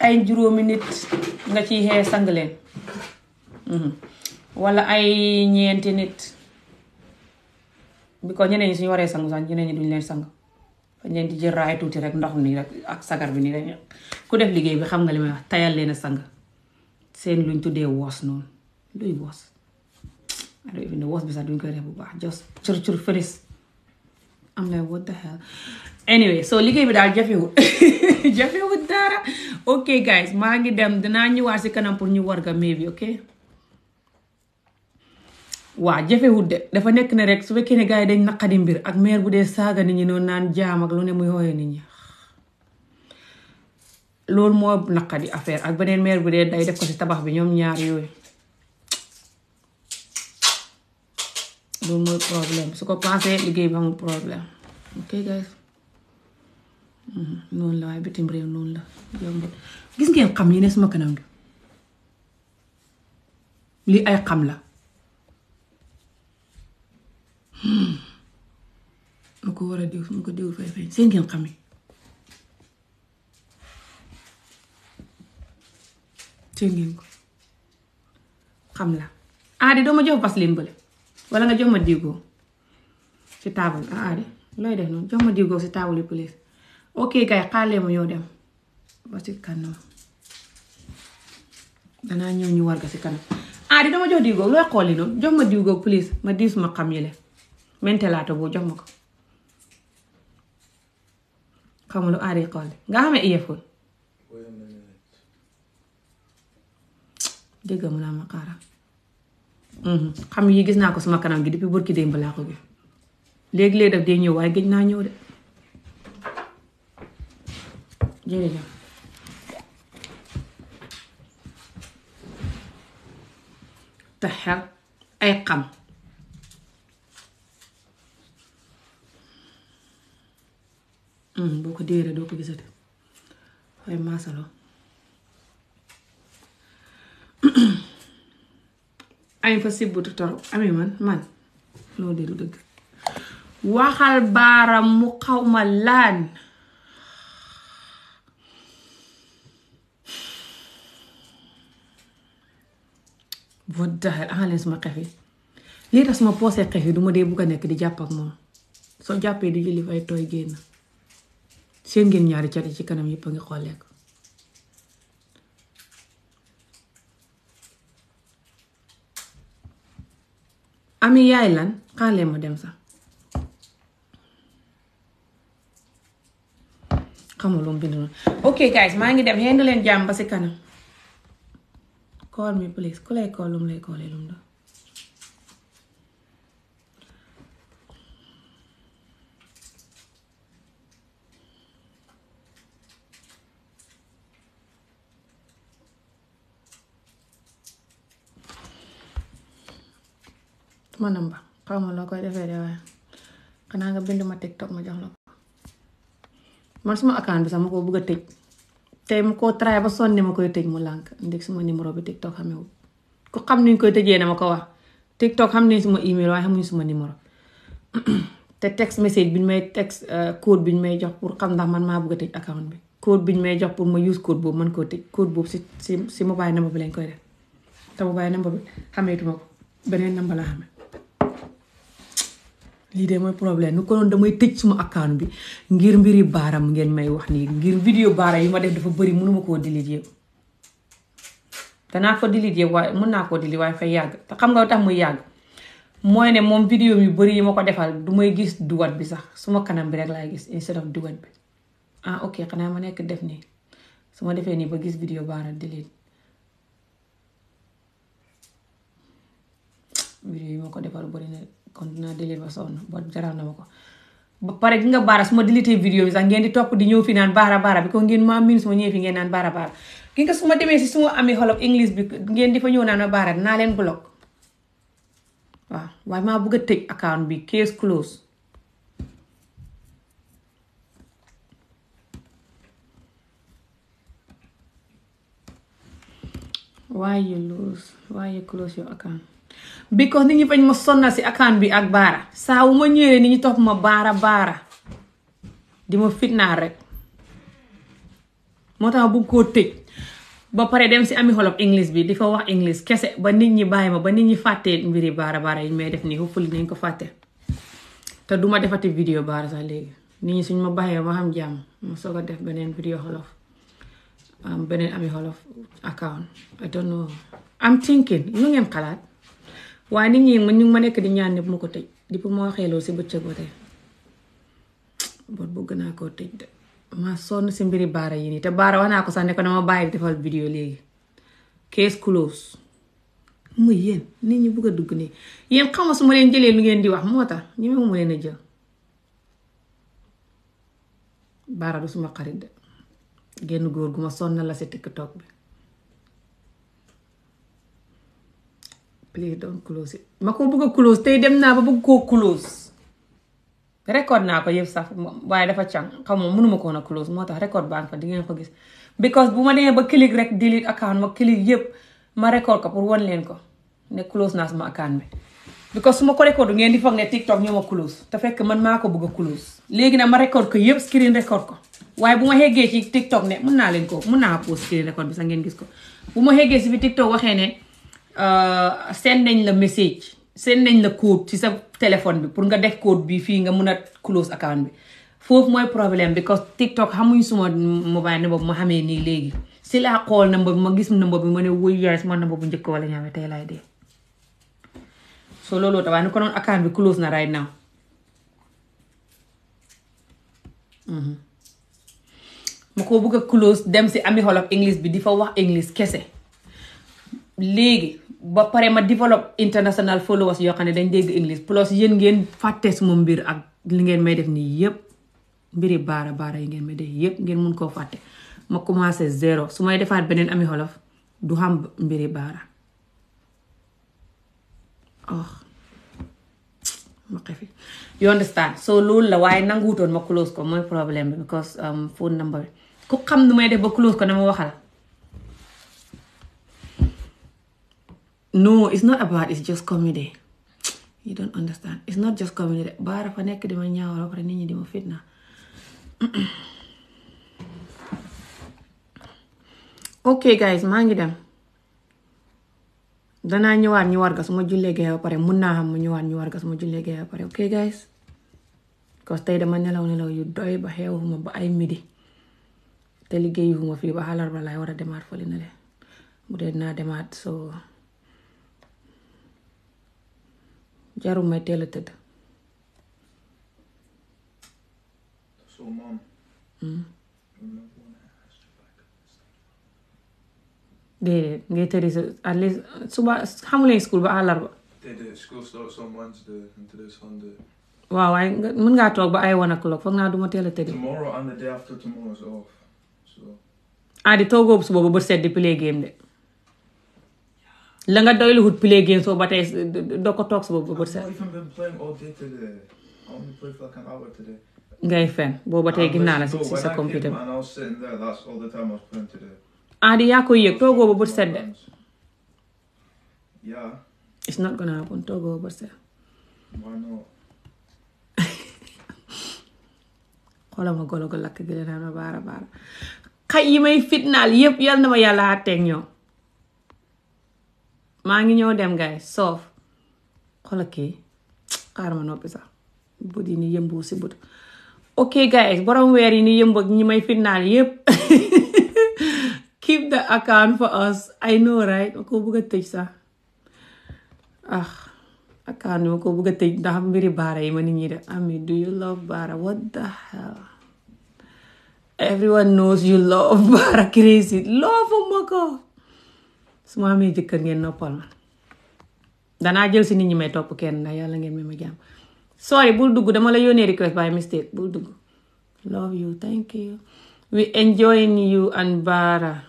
ay juróomi nit nga ciy xee sang leen mhm. wala ay ñeenti nit bi ko ñeneen ñi suñu waree sang sax ñeneen ñi duñ leen sang fa ñeen di jël raay tuuti rek ndox mi rek ak sagar bi nii rek ku def liggéey bi xam nga li ma wax tayal leen a sang seen luñ tuddee woos noonu luy wos I even know bi sax duñ koy def bu baax just cur cur fëris am like what the hell anyway so liggéey bi daal jafewut jafewut dara ok guys maa ngi dem dinaa ñëwaat si kanam pour ñu warga may bi ok waaw jafewut de dafa nekk ne rek su fekkee ne gars yi dañ naqadi mbir ak meer bu dee saaga ni ñi noonu naan jaam ak lu ne muy hooyee nit ñi loolu moo naqadi affaire ak beneen meer bu dee day def ko ci tabax bi ñoom ñaar yooyu loolu mooy problème su ko pensé liggéey bi amul problème ok guys mhm. noonu la bitim réew noonu la gis ngeen xam yi ne suma kanam gi lii ay xam la hmm. ma ko war a diw su ma ko diw fay fay seen ngeen xam yi te ngeen ko xam la aadi doo ma jox vaseline bële wala nga jox ma diwgoo si taabal ah aadi looy def noonu jox ma diwgoo si taabal ma ñoo dem ba si kanam danaa ñëw ñu war ga si kanam aadi dama jox diwgoo looy xooli noonu jox ma diwgoo please ma diis ma xam yi le mentelaata boo jox ma ko xamul aadi xooli nga xamee iyeful dégg mu naa ma xaaral mhm. xam yi gis naa ko suma kanam gi depuis bërki démb laa ko gi léegi-léegi daf dee ñëw waaye gëj naa ñëw de te xel ay xam mhm, boo ko déeree doo ko gisate waaye maasaloo ami fa sibbutu torop ami man man loolu de du dëgg waxal baaram mu xawma laan boo daxal axal leen suma xef yi lii tax suma poosee xef yi du ma dee bugg a nekk di jàpp ak moom soo jàppee di julli fay tooy génn seen ngeen ñaari cat ci kanam yépp a ngi xoolee ko ami yaay lan xaalee ma dem sax xamul woon bind ok guys maa ngi dem yéen leen jàmm si kanam call me please ku lay call lum lay call lum do manam ba xaw ma loo koy defee de waaye xanaa nga bind ma tiktok ma jox la ko man suma account bi sax ma ko bëgg a tëj te ma koo try ba sonn ma koy tëj mu lànk ndig suma numéro bi tiktok xamewul ku xam ni ñu koy tëjee na ko wax tiktok xam nañ suma email waaye xamuñ suma numéro te text message bi ñu may text euh, code bi ñu may jox pour xam ndax man maa bugg a tëj account bi code bi ñu may jox pour ma use code boobu man koo tëj code boobu si si si mobile number bi lañ koy def te mobile number bi xameetuma ko beneen number laa lii de mooy problème nu konoon damay tëj suma account bi ngir mbiri baaram ngeen may wax nii ngir vidéo baara yi ma def dafa bëri mënuma koo delete yëpp danaa ko delete yëpp waaye mën naa koo delete waaye fa yàgg te xam nga tax muy yàgg mooy ne moom vidéo yu bëri yi ma ko defal du may gis duwat bi sax suma kanam bi rek laay gis instead of duwat bi ah ok xanaa ma nekk def nii su ma defee nii ba gis vidéo baara delete vidéo yi ma ko defal bëri kon dinaa delete ba sonn ba na ma ko ba pare gi nga baara su ma delete bi sax ngeen di topp di ñëw fi naan baara baara bi ko ngeen maa miin su ñëwee fi ngeen naan baara baara gi nga su ma demee si su amee xolof english bi ngeen di fa ñëw naan ma baara dinaa leen block waaw waaye maa bëgg a tëj account bi case close why you lose why close your account because nit ñi fañ ma sonnal si account bi ak baara saa ma ñëwee nit ñi topp ma baara baara di ma fitnaal rek moo tax bugg koo tëj ba pare dem si ami xolof english bi di fa wax english kese ba nit ñi bàyyi ma ba nit ñi fàttee mbiri baara baara yi may def nii hopefully nañ ko fàtte te duma defati vidéo baara sax léegi nit ñi suñ ma bàyyee ma xam jàmm ma soog a def beneen vidéo xolof beneen ami xolof account I don't know I'm thinking lu ngeen xalaat waaye nit ñi man ma nekk di ñaan ne bu ma ko tëj di bu ma waxee loolu si bëccëg ba tey bon bëgg naa ko tëj de ma sonn si mbiri baara yi nii te baara wax naa ko sax ne ko dama bàyyi defal vidéo léegi case close muy yéen nit ñi bugg a dugg nii yéen xam nga su ma leen jëlee lu ngeen di wax moo tax ñu ne ma leen a jël baara du suma xarit de génn góor gu ma sonn la si tiktok bi please don't close ma ko bëgg a close tey dem naa ba bëgg koo close record naa ko yëpp sax waaye dafa càng xam moom munuma koo na a close moo tax record baa ngi fa di ngeen ko gis because bu ma demee ba click rek delete account ma click yëpp ma ko pour wan leen ko ne close naa sama account bi because su ma ko record ngeen di foog ne TikTok ñoo ma close te fekk man maa ko bëgg a close léegi nag ma record ko yëpp screen record ko waaye bu ma xeggee ci TikTok ne mun naa leen ko mun naa post screen record bi sax ngeen gis ko bu ma xeggee si bi TikTok waxee ne Euh, seen nañ la message seen nañ la code ci sa téléphone bi pour nga def code bi fii nga mun a close account bi foofu mooy problème because TikTok xamuñ suma mobile number bu ma xamee nii léegi si laa xool number bi ma gis number bi ma ne wuy yaay suma number bu njëkk wala ñaame tey laay dee so looloo tax waaye ni ko noon account bi close na right now mm-hmm. ma ko bëgg a close dem si ami xolof english bi di fa wax english kese léegi ba pare ma develop international followers yoo xam ne dañ dégg english plus yéen ngeen fàtte suma mbir ak li ngeen may def nii yëpp mbiri baara baara yi ngeen may def yëpp ngeen mun koo fàtte ma commencé zéro su may defaat beneen ami xolof du xam mbiri baara oh ma xefi you understand so loolu la waaye nanguwutoon ma close ko mooy problème bi because um, phone number ku xam nu may def ba close ko dama waxal no it's not about it's just comedy you don't understand it's not just comedy baara fa nekk dima ñaawal ba pare nit ñi dima fitna ok guys maa ngi dem danaa ñëwaat ñu warga su ma jullee gaye ba pare mun naa xam mu ñëwaat ñu warga su ma jullee gaye ba pare ok guys cause tey dama nelaw nelaw yu doy ba xeewuma ba ay midi te liggéeyuma fii ba xalar ba laay war a demaat fële na le bu dee dinaa demaat so jarul may teel a tëdd. So mom. Hmm. déedéet ngay tëddi sa at least suba xamu leen school ba àllarba. ngaa toog ba ay one o'clock foog naa du ma teel a di toogoo suba ba bët set di play game de. la nga doylu hut play games ba tey doo ko toog suba ba bët set ngay fen booba tey ginnaaw la si sa computer bi ah yaa koy yëg toogoo ba bët set de it's ma golo go lakk gi la naan ma baara baara xay yi may fitnaal yépp yal na ma yàlla àtteeg ñoom maa ngi ñëw dem gaay soof xoolal xaaral ma noppi sax bët yi ni yëmboo si bët ok guys borom weer yi ni yëmb ak ñi may fitnaal yépp keep the account for us I know right ma ko bëgg a tëj sax ah account bi ma ko bëgg a tëj ndax mbiri baara yi ma nit ñi def ami do you love baara what the hell everyone knows you love baara crazy love ma ko su ma amee jëkkër ngeen noppal ma danaa jël si nit ñi may topp kenn ndax yàlla ngeen may ma jàmm sorry bul dugg dama la yónnee request by mistake bul dugg love you thank you we enjoying you and Bara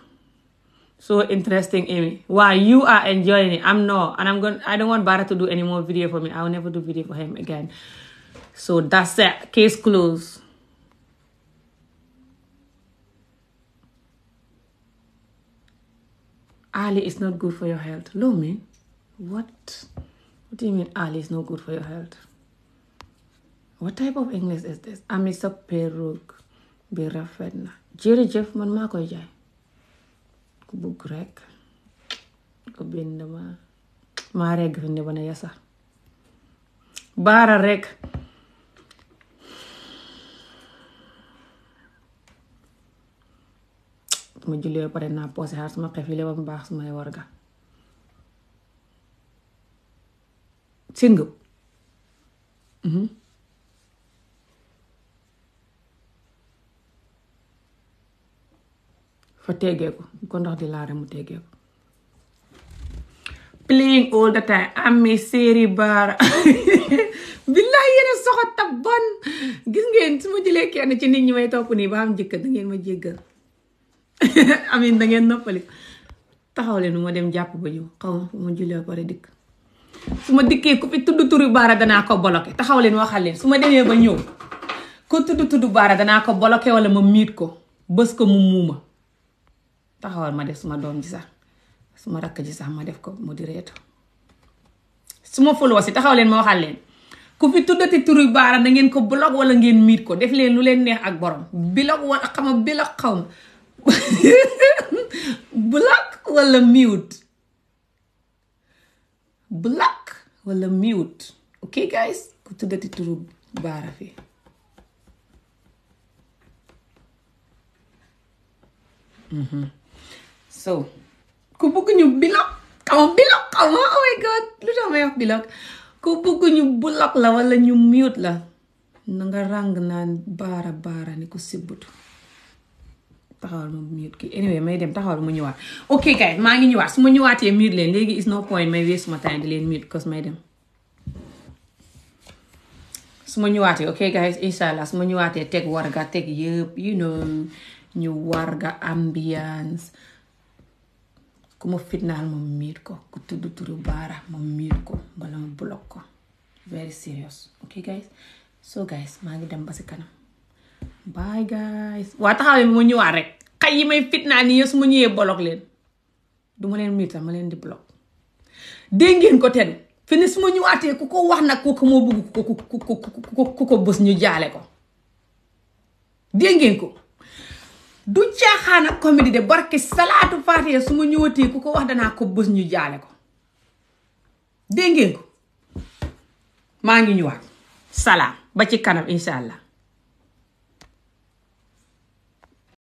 so interesting Amy why you are enjoying it I'm not I don't want Bara to do any more video for me I will never do video for him again so that's it case closed Ali is not good for your health loolu what what you mean Ali is not good for your health what type of English is this ami sa bi rafet na jërëjëf man maa koy jaay ku bugg rek ku bind ma maa regg ne ba ne yasa baara rek su ma jullee pare naa poose xaar suma xef yi la ba mu baax sumay warga singëb mhm. fa teggeeku ko ndox di laare mu teggeeku playing all the time ami séeri baara billaay yéen a soxot ta gis ngeen su ma kenn ci nit ñi may topp nii ba am jëkkër da ngeen ma jéggal amin na ngeen noppali taxaw leen ma dem jàpp ba ñëw xaw ma fu ma jullee a pare dikk su ma dikkee ku fi tudd turu baara danaa ko bloqué taxaw leen waxal leen su ma demee ba ñëw ku tudd tudd baara danaa ko bloqué wala ma miit ko bës ko mu muuma taxawal ma def suma doom ji sax su ma rakk ji sax ma def ko mu di reetu su ma foloo si taxaw leen ma waxal leen ku fi tuddati turu baara na ngeen ko bloqué wala ngeen miit ko def leen lu leen neex ak borom bilok wala xama bilok xaw ma block wala mute block wala mute ok guys ku tuddati turu baara fi mhm. so ku bugg ñu block xaw ma block xaw ma oh lu tax may wax block ku bugg block la wala ñu mute la na nga ràng naan baara baara ni ko sibbutu taxawal ma miir kii anyway may dem taxawal ma ñëwaat ok kay maa ngi ñëwaat su ma ñëwaatee miir leen léegi is no point may weesu ma time di leen miir because may dem su ma ñëwaatee ok guys incha allah su ma ñëwaatee teg warga teg yëpp you know ñu warga ambiance ku ma fitnaal ma miir ko ku tudd turu baara ma miir ko bala ma block ko very serious ok guys so guys maa ngi dem ba si kanam bye guys waa taxawee bi moo ñëwaat rek xay yi may fitnaa nii yëpp su ma ñëwee block leen du ma leen miita ma leen di block dégg ngeen ko ten fi ku ko wax nag moo bëgg ku ko ku ko bës ñu jaale ko dégg ko du caaxaan ak comédie de barke salaatu faatiya su ma ñëwatee ku ko wax danaa ko bës ñu jaale ko dégg ko maa ngi ñëwaat salaam ba ci kanam incha allah